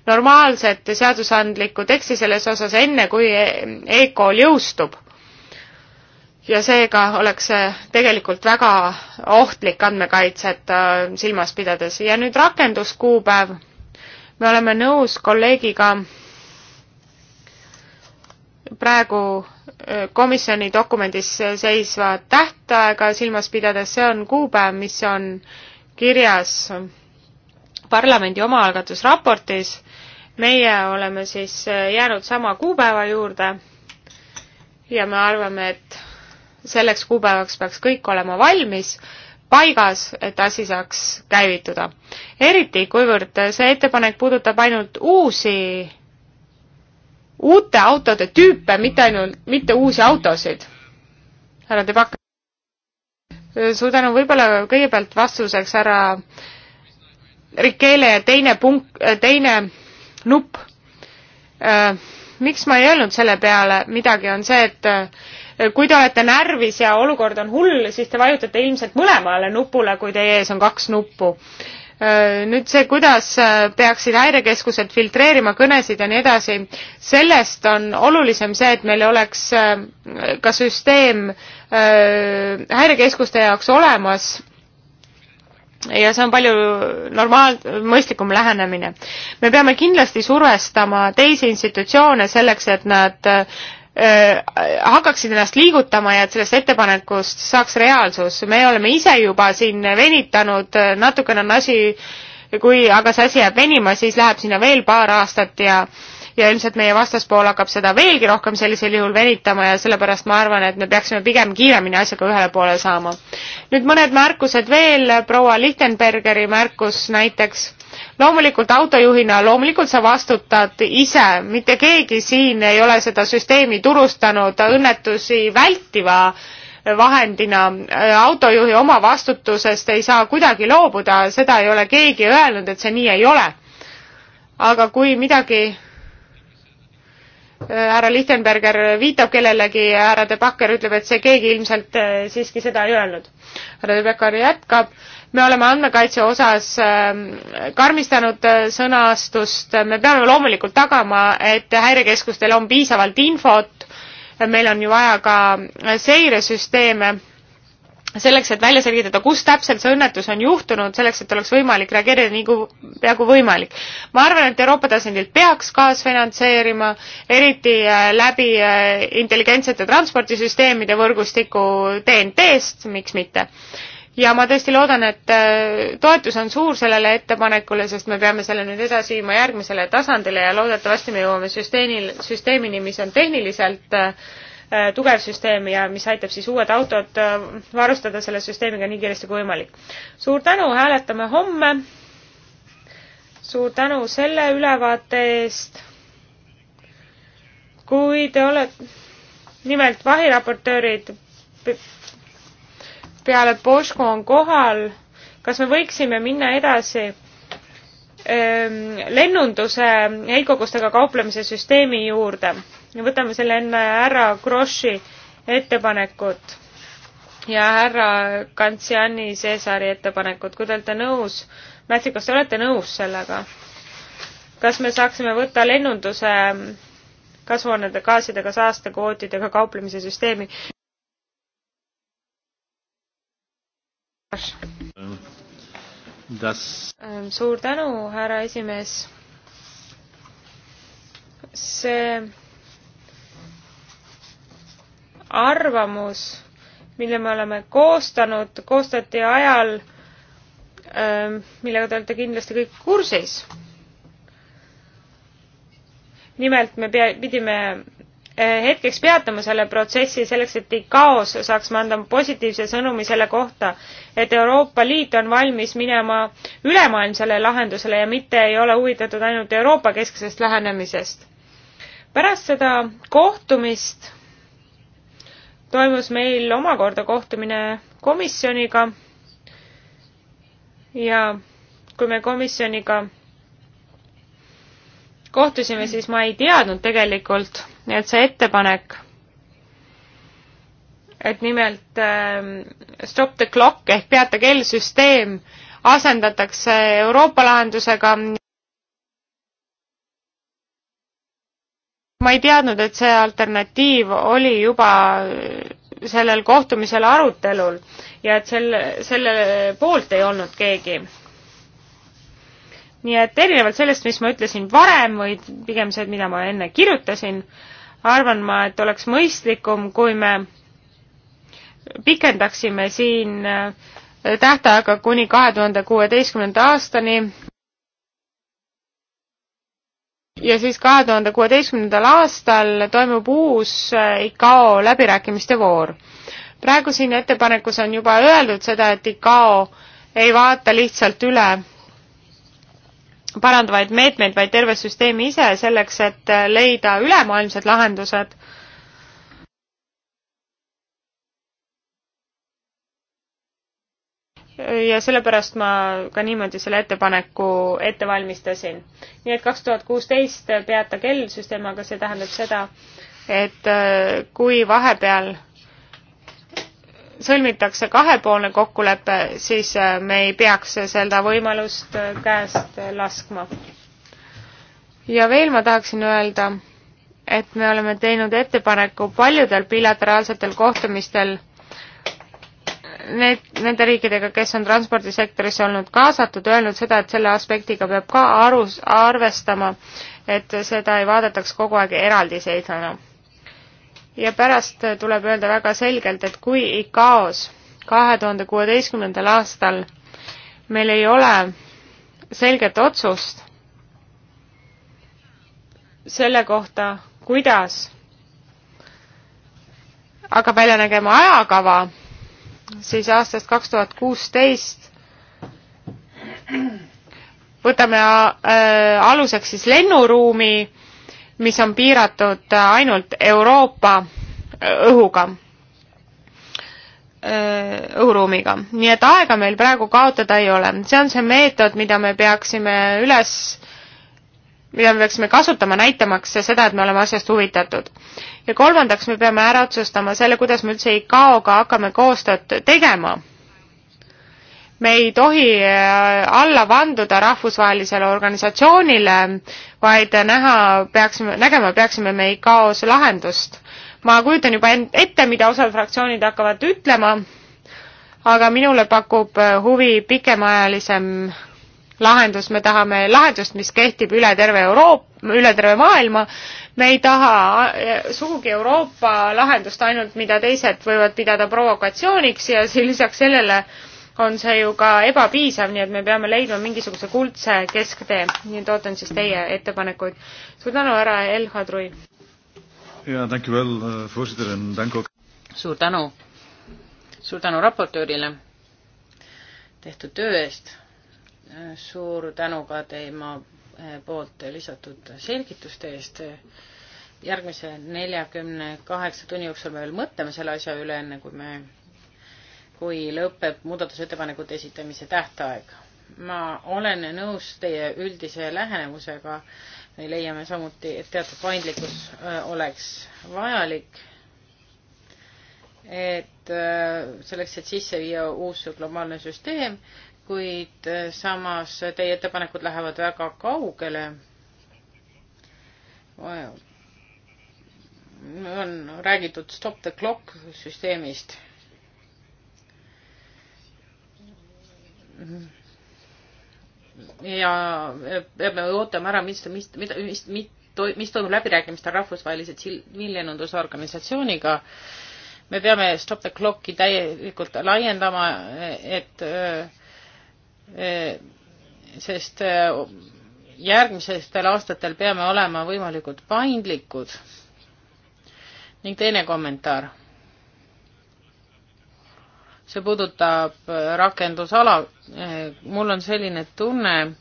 Speaker 1: normaalset seadusandlikku teksti selles osas enne, kui e-, e-kool jõustub. ja seega oleks see tegelikult väga ohtlik andmekaitset äh, silmas pidades ja nüüd rakenduskuupäev. me oleme nõus kolleegiga praegu äh, komisjoni dokumendis seisva tähtaega silmas pidades, see on kuupäev, mis on kirjas parlamendi omaalgatusraportis. meie oleme siis äh, jäänud sama kuupäeva juurde ja me arvame, et selleks kuupäevaks peaks kõik olema valmis, paigas, et asi saaks käivituda. eriti, kuivõrd see ettepanek puudutab ainult uusi, uute autode tüüpe, mitte ainult, mitte uusi autosid. härra Debak- suur tänu, võib-olla kõigepealt vastuseks härra Rikele ja teine punkt, äh, teine nupp. Äh, miks ma ei öelnud selle peale midagi, on see, et äh, kui te olete närvis ja olukord on hull, siis te vajutate ilmselt mõlemale nupule, kui teie ees on kaks nuppu. nüüd see, kuidas peaksid häirekeskused filtreerima kõnesid ja nii edasi, sellest on olulisem see, et meil oleks ka süsteem häirekeskuste jaoks olemas ja see on palju normaal-, mõistlikum lähenemine. me peame kindlasti survestama teisi institutsioone selleks, et nad äh, hakkaksid ennast liigutama ja et sellest ettepanekust saaks reaalsus. me oleme ise juba siin venitanud, natukene on asi, kui aga see asi jääb venima, siis läheb sinna veel paar aastat ja äh, ja ilmselt meie vastaspool hakkab seda veelgi rohkem sellisel juhul venitama ja sellepärast ma arvan, et me peaksime pigem kiiremini asjaga ühele poole saama. nüüd mõned märkused veel, proua Lichtenbergeri märkus näiteks loomulikult autojuhina, loomulikult sa vastutad ise, mitte keegi siin ei ole seda süsteemi turustanud õnnetusi vältiva vahendina. autojuhi oma vastutusest ei saa kuidagi loobuda, seda ei ole keegi öelnud, et see nii ei ole. aga kui midagi Äh, härra Lichtenberger viitab kellelegi ja härra De Backer ütleb, et see keegi ilmselt äh, siiski seda ei öelnud. härra De Backer jätkab, me oleme andmekaitse osas ähm, karmistanud äh, sõnastust, me peame loomulikult tagama, et häirekeskustel on piisavalt infot, meil on ju vaja ka seiresüsteeme selleks, et välja selgitada, kus täpselt see õnnetus on juhtunud, selleks, et oleks võimalik reageerida nii kui peaaegu võimalik. ma arvan, et Euroopa tasandilt peaks kaasfinantseerima, eriti äh, läbi äh, intelligentsete transpordisüsteemide võrgustiku TNT-st, miks mitte. ja ma tõesti loodan, et äh, toetus on suur sellele ettepanekule, sest me peame selle nüüd edasi viima järgmisele tasandile ja loodetavasti me jõuame süsteemil, süsteemini, mis on tehniliselt äh, Äh, tugev süsteem ja mis aitab siis uued autod äh, varustada selle süsteemiga nii kiiresti kui võimalik. suur tänu, hääletame homme. suur tänu selle ülevaate eest. kui te olete, nimelt vahiraportöörid peale Boško on kohal, kas me võiksime minna edasi? Ähm, lennunduse heitkogustega kauplemise süsteemi juurde võtame selle enne härra Grossi ettepanekut ja härra Kantsiani Cesari ettepanekut, kui te olete nõus, Mätsi, kas te olete nõus sellega? kas me saaksime võtta lennunduse kasvuhoonegaasidega saastekvootidega kauplemise süsteemi? Das... Ähm, suur tänu, härra esimees. see arvamus, mille me oleme koostanud, koostati ajal, ähm, millega te olete kindlasti kõik kursis. nimelt me pea, pidime äh, hetkeks peatama selle protsessi selleks, et ICAO-s saaksime anda positiivse sõnumi selle kohta, et Euroopa Liit on valmis minema ülemaailmsele lahendusele ja mitte ei ole huvitatud ainult Euroopa kesksest lähenemisest. pärast seda kohtumist toimus meil omakorda kohtumine komisjoniga ja kui me komisjoniga kohtusime, siis ma ei teadnud tegelikult, et see ettepanek, et nimelt äh, stop the clock ehk peata kell süsteem asendatakse Euroopa lahendusega ma ei teadnud, et see alternatiiv oli juba sellel kohtumisel arutelul ja et selle, selle poolt ei olnud keegi. nii et erinevalt sellest, mis ma ütlesin varem või pigem see, mida ma enne kirjutasin, arvan ma, et oleks mõistlikum, kui me pikendaksime siin tähtaega kuni kahe tuhande kuueteistkümnenda aastani ja siis kahe tuhande kuueteistkümnendal aastal toimub uus äh, ICAO läbirääkimiste voor. praegu siin ettepanekus on juba öeldud seda, et ICAO ei vaata lihtsalt üle parandavaid meetmeid, vaid terve süsteemi ise selleks, et leida ülemaailmsed lahendused ja sellepärast ma ka niimoodi selle ettepaneku ette valmistasin. nii et kaks tuhat kuusteist peata kell süsteem, aga see tähendab seda, et äh, kui vahepeal sõlmitakse kahepoolne kokkulepe, siis äh, me ei peaks seda võimalust äh, käest laskma. ja veel ma tahaksin öelda, et me oleme teinud ettepaneku paljudel bilateraalsetel kohtumistel need, nende riikidega, kes on transpordisektorisse olnud kaasatud, öelnud seda, et selle aspektiga peab ka arus, arvestama, et seda ei vaadataks kogu aeg eraldiseisvana. ja pärast tuleb öelda väga selgelt, et kui ICAO-s kahe tuhande kuueteistkümnendal aastal meil ei ole selget otsust selle kohta, kuidas hakkab välja nägema ajakava, siis aastast kaks tuhat kuusteist võtame äh, aluseks siis lennuruumi, mis on piiratud ainult Euroopa äh, õhuga, äh, õhuruumiga. nii et aega meil praegu kaotada ei ole. see on see meetod, mida me peaksime üles mida me peaksime kasutama, näitamaks seda, et me oleme asjast huvitatud. ja kolmandaks, me peame ära otsustama selle, kuidas me üldse ICAO-ga hakkame koostööd tegema. me ei tohi äh, alla vanduda rahvusvahelisele organisatsioonile, vaid näha peaksime, nägema peaksime me ICAO-s lahendust. ma kujutan juba ette, mida osad fraktsioonid hakkavad ütlema, aga minule pakub äh, huvi pikemaajalisem lahendus, me tahame lahendust, mis kehtib üle terve Euroopa, üle terve maailma. me ei taha eh, sugugi Euroopa lahendust ainult, mida teised võivad pidada provokatsiooniks ja lisaks sellele on see ju ka ebapiisav, nii et me peame leidma mingisuguse kuldse kesktee. nii et ootan siis teie ettepanekuid. suur tänu, härra El Hadrui!
Speaker 2: jaa, tänku veel, uh, voorzitter, tänku! suur
Speaker 1: tänu! suur tänu
Speaker 2: raportöörile tehtud töö eest suur tänu ka teema eh, poolt lisatud selgituste eest. järgmise neljakümne kaheksa tunni jooksul me veel mõtleme selle asja üle, enne kui me, kui lõpeb muudatusettepanekute esitamise tähtaeg. ma olen nõus teie üldise lähenemusega. me leiame samuti, et teatud paindlikkus eh, oleks vajalik et eh, selleks, et sisse viia uus globaalne süsteem kuid eh, samas teie ettepanekud lähevad väga kaugele. on räägitud stop the clock süsteemist. ja eh, peame ootama ära, mis, mis, mida, mis, mis, mis toimub läbirääkimistel rahvusvahelise tsiviilennundusorganisatsiooniga me peame stop the clock'i täielikult laiendama, et eh, Eh, sest eh, järgmisestel aastatel peame olema võimalikult paindlikud. ning teine kommentaar. see puudutab eh, rakendusala. mul on selline tunne,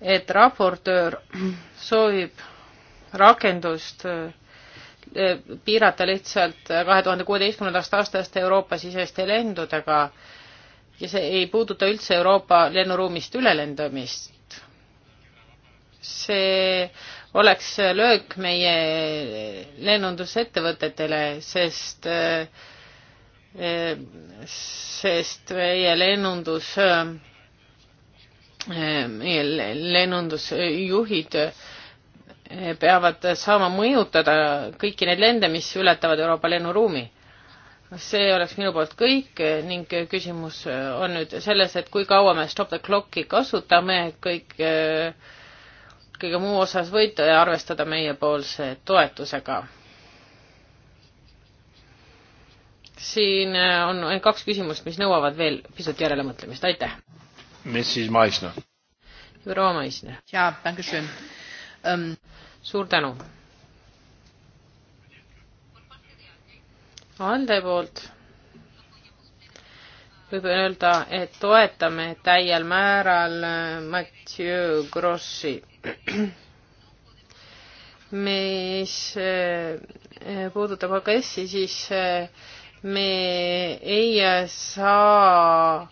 Speaker 2: et raportöör soovib rakendust piirata lihtsalt kahe tuhande kuueteistkümnendast aastast Euroopa siseste lendudega ja see ei puuduta üldse Euroopa lennuruumist ülelendamist. see oleks löök meie lennundusettevõtetele, sest äh, sest meie lennundus, äh, meie lennundusjuhid äh, peavad saama mõjutada kõiki neid lende, mis ületavad Euroopa lennuruumi see oleks minu poolt kõik ning küsimus on nüüd selles, et kui kaua me stop the clock'i kasutame, kõik, kõige muu osas võite arvestada meiepoolse toetusega. siin on ainult kaks küsimust, mis nõuavad veel pisut järelemõtlemist, aitäh.
Speaker 3: Mrs Maisner.
Speaker 2: proua Maisner. jaa, tänan küsimuse um.... suur tänu ALDE poolt võib öelda, et toetame täiel määral äh, Mathieu Grossi, mis äh, äh, puudutab AKS-i, siis me ei saa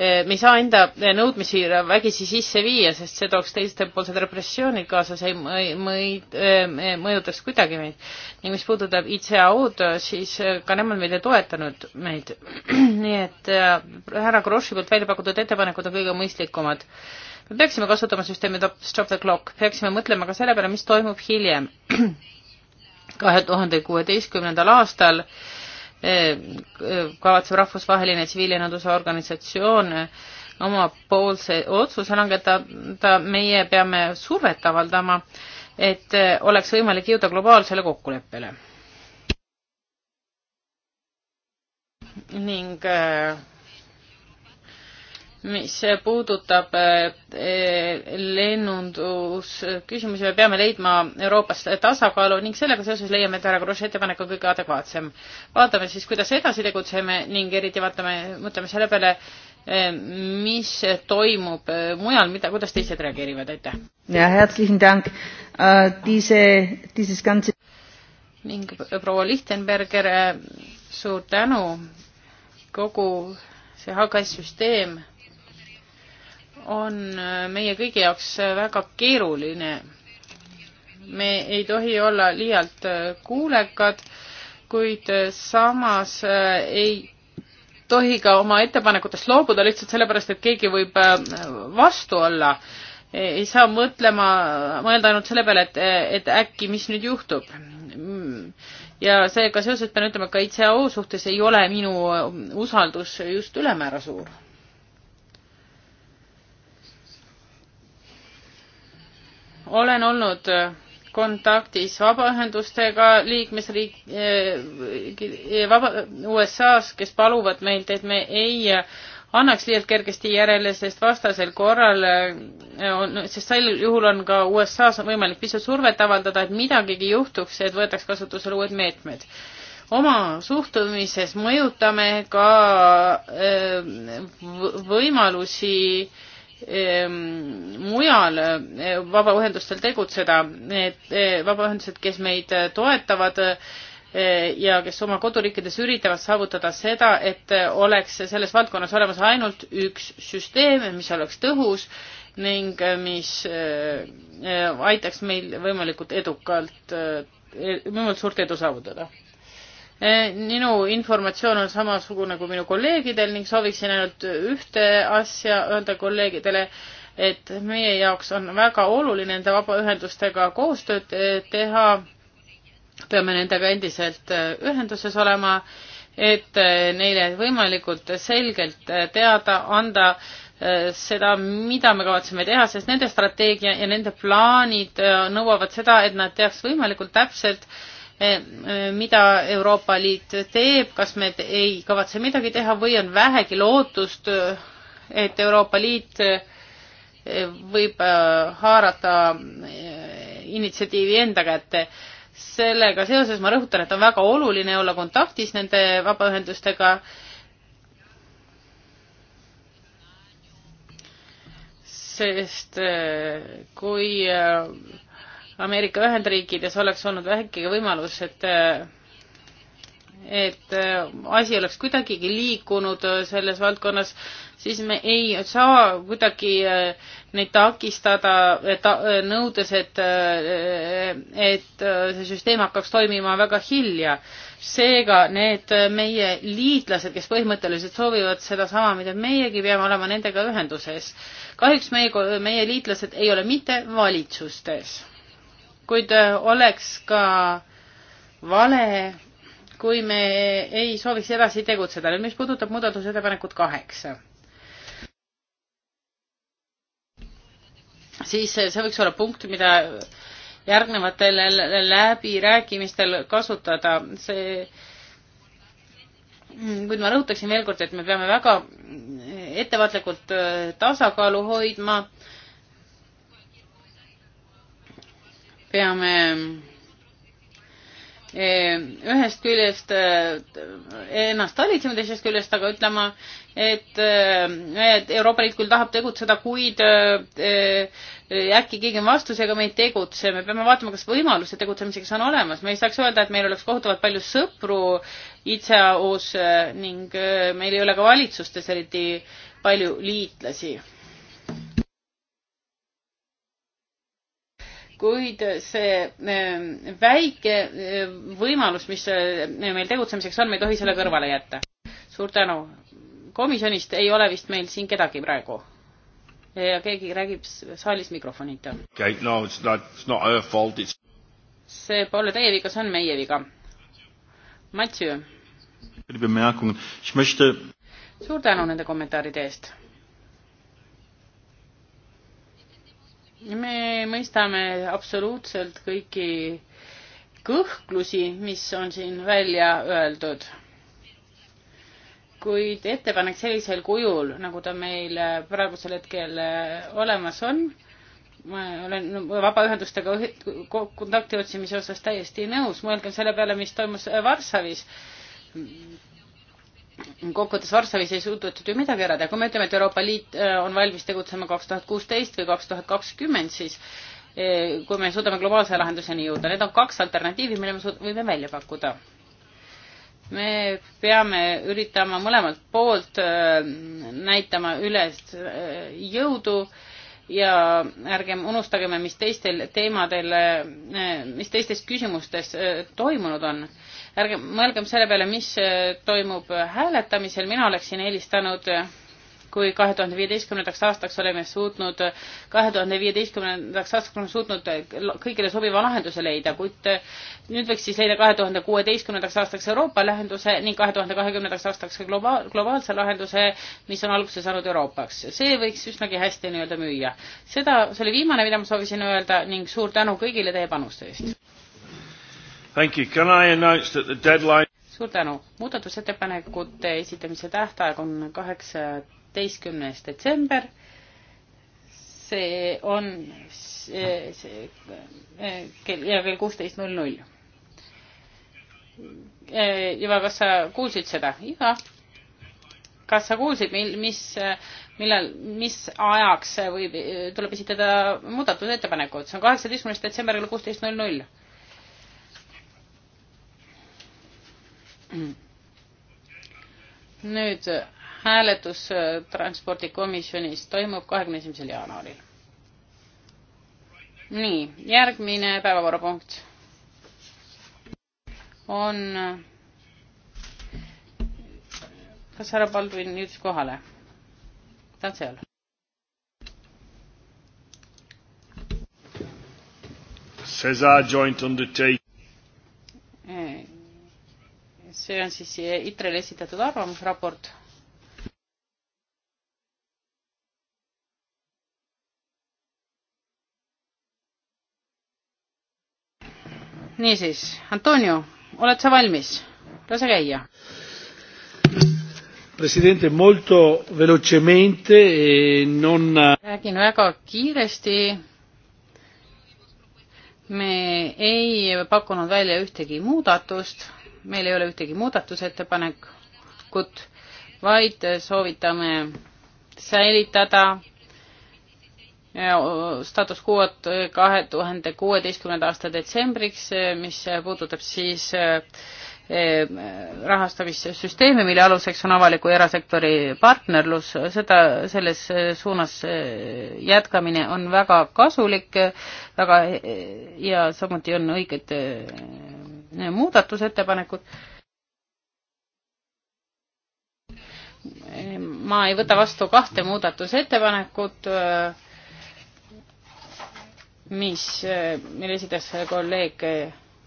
Speaker 2: Eh, me ei saa enda eh, nõudmisi vägisi sisse viia, sest see tooks teistepoolsed repressioonid kaasa, see ei mõid, eh, mõjutaks kuidagi meid. ning mis puudutab ICAO-d, siis ka nemad meid ei toetanud meid. nii et härra Grossi poolt välja pakutud ettepanekud on kõige mõistlikumad. me peaksime kasutama süsteemi stop the clock, peaksime mõtlema ka selle peale, mis toimub hiljem. kahe tuhande kuueteistkümnendal aastal äh, kavatseb rahvusvaheline tsiviilennunduse organisatsioon omapoolse otsuse langetada, meie peame survet avaldama, et oleks võimalik jõuda globaalsele kokkuleppele. ning äh, mis puudutab eh, lennundusküsimusi, me peame leidma Euroopas tasakaalu ning sellega seoses leiame, et härra Grossi ettepanek on kõige adekvaatsem. vaatame siis, kuidas edasi tegutseme ning eriti vaatame, mõtleme selle peale, eh, mis toimub mujal, mida, kuidas teised reageerivad, aitäh. ja herzlichen Dank uh,, diese, dieses ganze ning proua Lichtenberger, äh, suur tänu kogu see HKS-süsteem on äh, meie kõigi jaoks äh, väga keeruline. me ei tohi olla liialt äh, kuulekad, kuid samas ei tohi ka oma ettepanekutest loobuda lihtsalt sellepärast, et keegi võib vastu olla. ei saa mõtlema, mõelda ainult selle peale, et, et äkki, mis nüüd juhtub. ja seega seoses pean ütlema, et ka ICAO suhtes ei ole minu usaldus just ülemäära suur olen olnud äh, kontaktis vabaühendustega liikmesriik eh,, vaba, USA-s, kes paluvad meilt, et me ei äh, annaks liialt kergesti järele, sest vastasel korral on, sest sel juhul on ka USA-s on võimalik pisut survet avaldada, et midagigi juhtuks, et võetaks kasutusele uued meetmed. oma suhtumises mõjutame ka eh, võimalusi äh, Ehm, mujal eh, vabaühendustel tegutseda, need eh, vabaühendused, kes meid eh, toetavad ja kes oma koduriikides üritavad saavutada seda, et oleks selles valdkonnas olemas ainult üks süsteem, mis oleks tõhus ning mis aitaks meil võimalikult edukalt, võimalikult suurt edu saavutada. Eh, minu informatsioon on samasugune kui minu kolleegidel ning sooviksin ainult ühte asja öelda kolleegidele, et meie jaoks on väga oluline nende vabaühendustega koostööd eh, teha. peame nendega endiselt eh, ühenduses olema, et neile võimalikult selgelt teada anda seda, mida me kavatseme teha, sest nende strateegia ja nende plaanid nõuavad seda, et nad teaks võimalikult täpselt, Eh, eh, mida Euroopa Liit teeb, kas me ei kavatse midagi teha või on vähegi lootust, eh, et Euroopa Liit võib haarata initsiatiivi enda kätte. sellega seoses ma rõhutan, et on väga oluline olla kontaktis nende vabaühendustega. sest kui Ameerika Ühendriikides oleks olnud vähekegi võimalus, et et äh, asi oleks kuidagigi liikunud äh, selles valdkonnas, siis me ei saa kuidagi äh, neid takistada ta, nõudes, et, et see süsteem hakkaks toimima väga hilja. seega need meie liitlased, kes põhimõtteliselt soovivad sedasama, mida meiegi, peame olema nendega ühenduses. kahjuks meie, meie liitlased ei ole mitte valitsustes kuid äh, oleks ka vale, kui me ei sooviks edasi tegutseda. nüüd, mis puudutab muudatusettepanekut kaheksa, siis äh, see võiks olla punkt, mida järgnevatel läbirääkimistel kasutada. see, kuid ma rõhutaksin veel kord, et me peame väga äh, ettevaatlikult tasakaalu hoidma peame eh, ühest küljest eh, ennast talitsema, teisest küljest aga ütlema, et, eh, et Euroopa Liit küll tahab tegutseda, kuid äkki keegi on vastus, ega me ei tegutse, me peame vaatama, kas võimalused tegutsemiseks on olemas, me ei saaks öelda, et meil oleks kohutavalt palju sõpru ICAO-s ning meil ei ole ka valitsustes eriti palju liitlasi kuid see äh, väike äh, võimalus, mis äh, meil tegutsemiseks on, me ei tohi selle kõrvale jätta. suur tänu. komisjonist ei ole vist meil siin kedagi praegu. ja keegi räägib saalis mikrofonita okay,. No, it's not, it's not her fault, it's... see pole teie viga, see on meie viga. Mathieu. suur tänu nende kommentaaride eest me mõistame absoluutselt kõiki kõhklusi, mis on siin välja öeldud. kuid ettepanek sellisel kujul, nagu ta meil praegusel hetkel olemas on, ma olen vabaühendustega kontakti otsimise osas täiesti nõus, mõelgem selle peale, mis toimus Varssavis kokkuvõttes Varssavis ei suudetud ju midagi ära teha, kui me ütleme, et Euroopa Liit äh, on valmis tegutsema kaks tuhat kuusteist või kaks tuhat kakskümmend, siis äh, kui me suudame globaalse lahenduseni jõuda, need on kaks alternatiivi, mille me võime välja pakkuda. me peame üritama mõlemalt poolt äh, näitama üles jõudu ja ärgem unustagem, mis teistel teemadel, mis teistes küsimustes toimunud on ärge mõelgem selle peale, mis äh, toimub äh, hääletamisel, mina oleksin eelistanud äh, kui kahe tuhande viieteistkümnendaks aastaks oleme suutnud, kahe tuhande viieteistkümnendaks aastaks oleme suutnud kõigile sobiva lahenduse leida, kuid nüüd võiks siis leida kahe tuhande kuueteistkümnendaks aastaks Euroopa lahenduse ning kahe tuhande kahekümnendaks aastaks ka globaal, globaalse lahenduse, mis on alguse saanud Euroopaks. see võiks üsnagi hästi nii-öelda müüa. seda, see oli viimane, mida ma soovisin öelda ning suur tänu kõigile teie panuste eest.
Speaker 1: Deadline...
Speaker 2: suur tänu. muudatusettepanekute esitamise tähtaeg on kaheksateistkümnes detsember. see on see, see, kell, ja kell kuusteist null null. Iva, kas sa kuulsid seda? jaa. kas sa kuulsid, mil, mis, millal, mis ajaks võib, tuleb esitada muudatusettepanekud? see on kaheksateistkümnes detsember kell kuusteist null null nüüd hääletus äh, transpordikomisjonis toimub kahekümne esimesel jaanuaril. nii, järgmine päevakorrapunkt on, äh, kas härra Baldwin jõudis kohale? ta on seal. Cesar joint undertaking. see on siis ITRE-le esitatud arvamusraport. niisiis, Antonio, oled sa valmis? lase käia. Presidente, molto velocemente e non... räägin väga kiiresti me ei pakkunud välja ühtegi muudatust meil ei ole ühtegi muudatusettepanekut, vaid soovitame säilitada äh, status quo'd kahe tuhande kuueteistkümnenda aasta detsembriks, äh, mis puudutab siis äh, rahastamissüsteemi, mille aluseks on avaliku ja erasektori partnerlus, seda, selles suunas jätkamine on väga kasulik, väga ja samuti on õiged muudatusettepanekud. ma ei võta vastu kahte muudatusettepanekut, mis, mille esitas kolleeg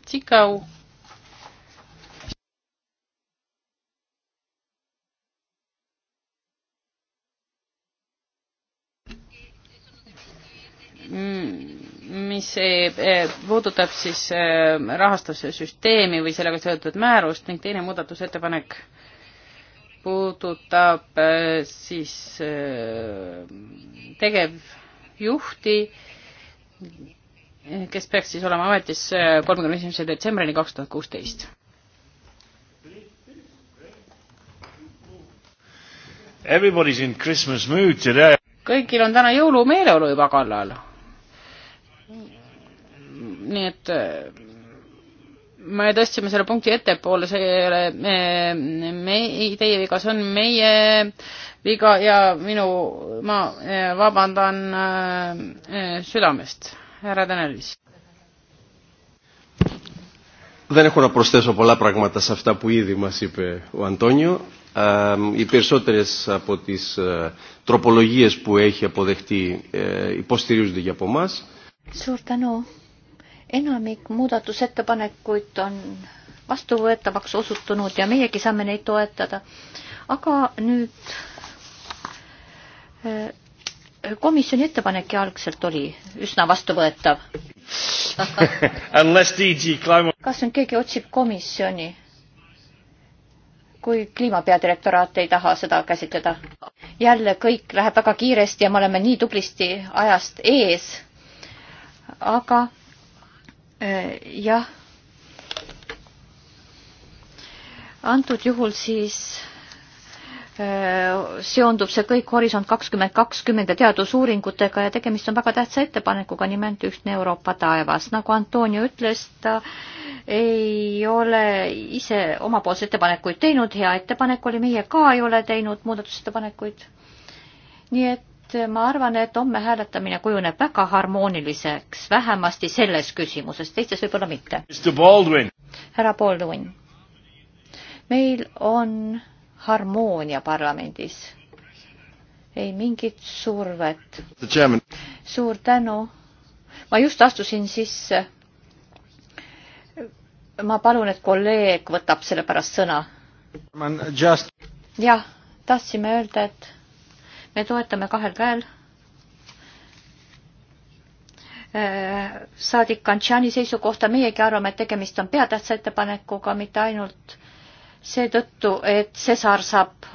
Speaker 2: Tsikau mm mis eh, puudutab siis eh, rahastuse süsteemi või sellega seotud määrust ning teine muudatusettepanek puudutab eh, siis tegevjuhti, kes peaks siis olema ametis kolmekümne esimese detsembrini kaks tuhat kuusteist. Everybody's in Christmas mood today. kõigil on täna jõulumeeleolu juba kallal nii et äh, me tõstsime selle punkti ettepoole, see ei ole me, me, teie viga, see on meie viga ja minu, ma äh, vabandan äh, südamest, härra Tänelis.
Speaker 3: Δεν έχω να προσθέσω πολλά πράγματα σε αυτά που ήδη μας είπε ο Αντώνιο. Οι περισσότερες
Speaker 2: από τις τροπολογίες που έχει αποδεχτεί υποστηρίζονται για από εμάς.
Speaker 3: Suur tänu enamik muudatusettepanekuid on vastuvõetavaks osutunud ja meiegi saame neid toetada. aga nüüd eh, komisjoni ettepanek ja algselt oli üsna vastuvõetav. kas nüüd keegi otsib komisjoni? kui kliimapeadirektoraat ei taha seda käsitleda. jälle kõik läheb väga kiiresti ja me oleme nii tublisti ajast ees. aga Äh, jah. antud juhul siis äh, seondub see kõik Horisont kakskümmend kakskümmend ja teadusuuringutega ja tegemist on väga tähtsa ettepanekuga nimelt Ühtne Euroopa taevas. nagu Antonio ütles, ta ei ole ise omapoolseid ettepanekuid teinud, hea ettepanek oli, meie ka ei ole teinud muudatusettepanekuid. nii et et ma arvan, et homme hääletamine kujuneb väga harmooniliseks, vähemasti selles küsimuses, teistes võib-olla mitte. härra Baldwin, meil on harmoonia parlamendis, ei mingit survet. suur tänu. ma just astusin sisse. ma palun, et kolleeg võtab selle pärast sõna. jah, tahtsime öelda, et me toetame kahel käel äh, saadik Kantšani seisukohta, meiegi arvame, et tegemist on peatähtsa ettepanekuga, mitte ainult seetõttu, et Cesar saab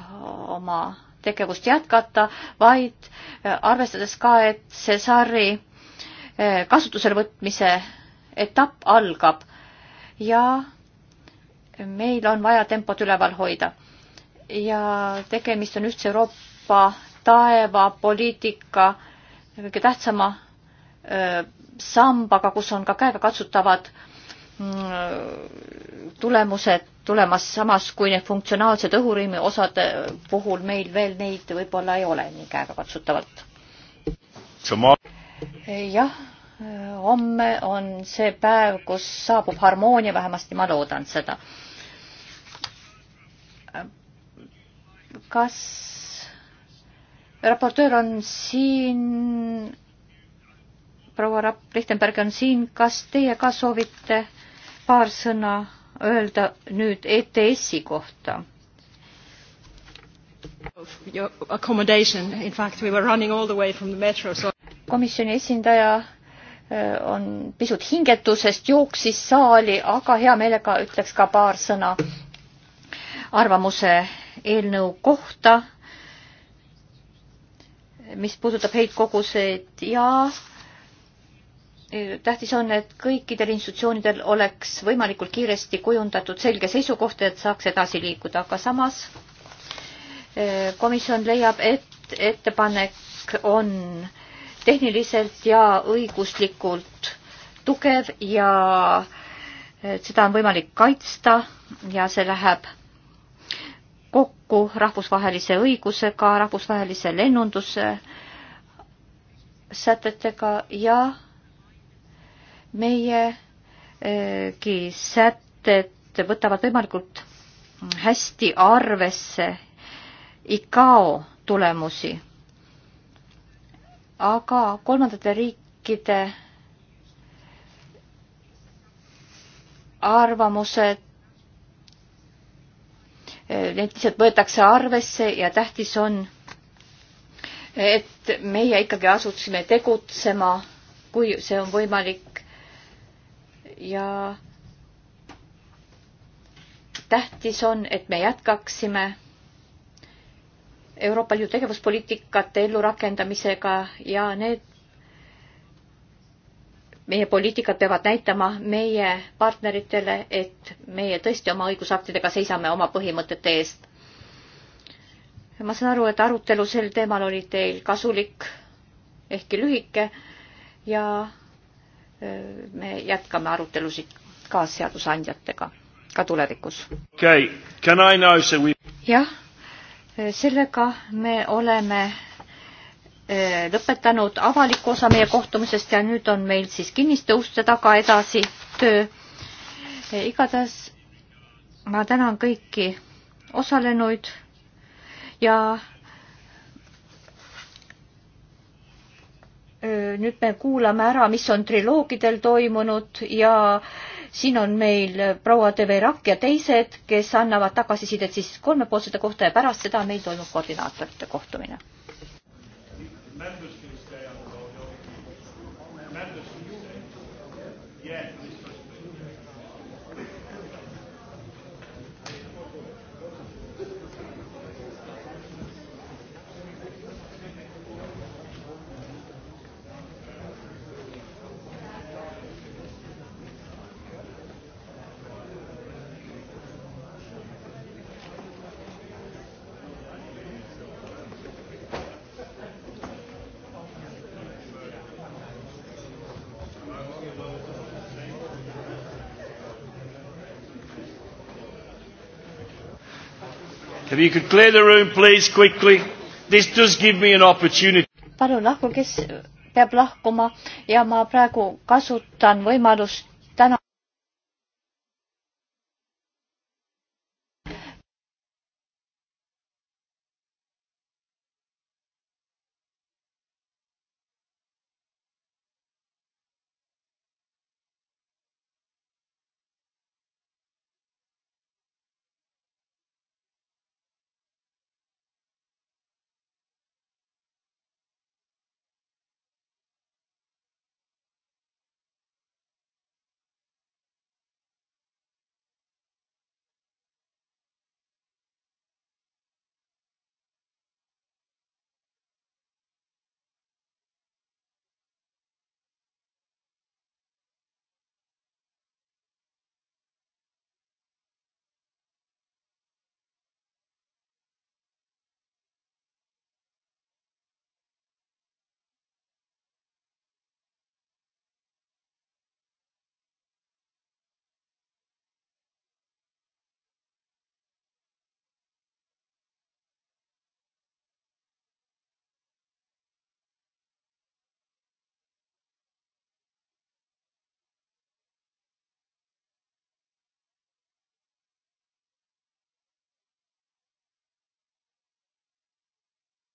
Speaker 3: oma tegevust jätkata, vaid äh, arvestades ka, et Cesari äh, kasutusele võtmise etapp algab ja meil on vaja tempot üleval hoida. ja tegemist on ühtse Euroopa taevapoliitika kõige tähtsama sambaga, kus on ka käegakatsutavad mm, tulemused tulemas, samas kui need funktsionaalsed õhurõimi osade puhul meil veel neid võib-olla ei ole nii käegakatsutavalt. jah, homme on see päev, kus saabub harmoonia, vähemasti ma loodan seda. kas raportöör on siin, proua Rapp Lichtenberg on siin, kas teie ka soovite paar sõna öelda nüüd ETS-i kohta? komisjoni esindaja eh, on pisut hingetusest jooksis saali, aga hea meelega ütleks ka paar sõna arvamuse eelnõu kohta mis puudutab heitkoguseid ja eh, tähtis on, et kõikidel institutsioonidel oleks võimalikult kiiresti kujundatud selge seisukoht, et saaks edasi liikuda, aga samas eh, komisjon leiab, et ettepanek on tehniliselt ja õiguslikult tugev ja eh, seda on võimalik kaitsta ja see läheb kokku rahvusvahelise õigusega, rahvusvahelise lennunduse sätetega ja meiegi eh, sätted võtavad võimalikult hästi arvesse ICAO tulemusi. aga kolmandate riikide arvamused Eh, need lihtsalt võetakse arvesse ja tähtis on, et meie ikkagi asuksime tegutsema, kui see on võimalik. ja tähtis on, et me jätkaksime Euroopa Liidu tegevuspoliitikate ellurakendamisega ja need meie poliitikad peavad näitama meie partneritele, et meie tõesti oma õigusaktidega seisame oma põhimõtete eest. ma saan aru, et arutelu sel teemal oli teil kasulik, ehkki lühike ja me jätkame arutelusid ka seadusandjatega ka tulevikus okay.. jah, sellega me oleme Eh, lõpetanud avaliku osa meie kohtumisest ja nüüd on meil siis kinniste uste taga edasi töö. Eh, igatahes ma tänan kõiki osalenuid ja eh, nüüd me kuulame ära, mis on triloogidel toimunud ja siin on meil proua Deverak ja teised, kes annavad tagasisidet siis kolmepoolsete kohta ja pärast seda meil toimub koordinaatorite kohtumine members If you could clear the room please quickly.
Speaker 1: This does give me an opportunity.
Speaker 3: palun lahku, kes peab lahkuma ja ma praegu kasutan võimalust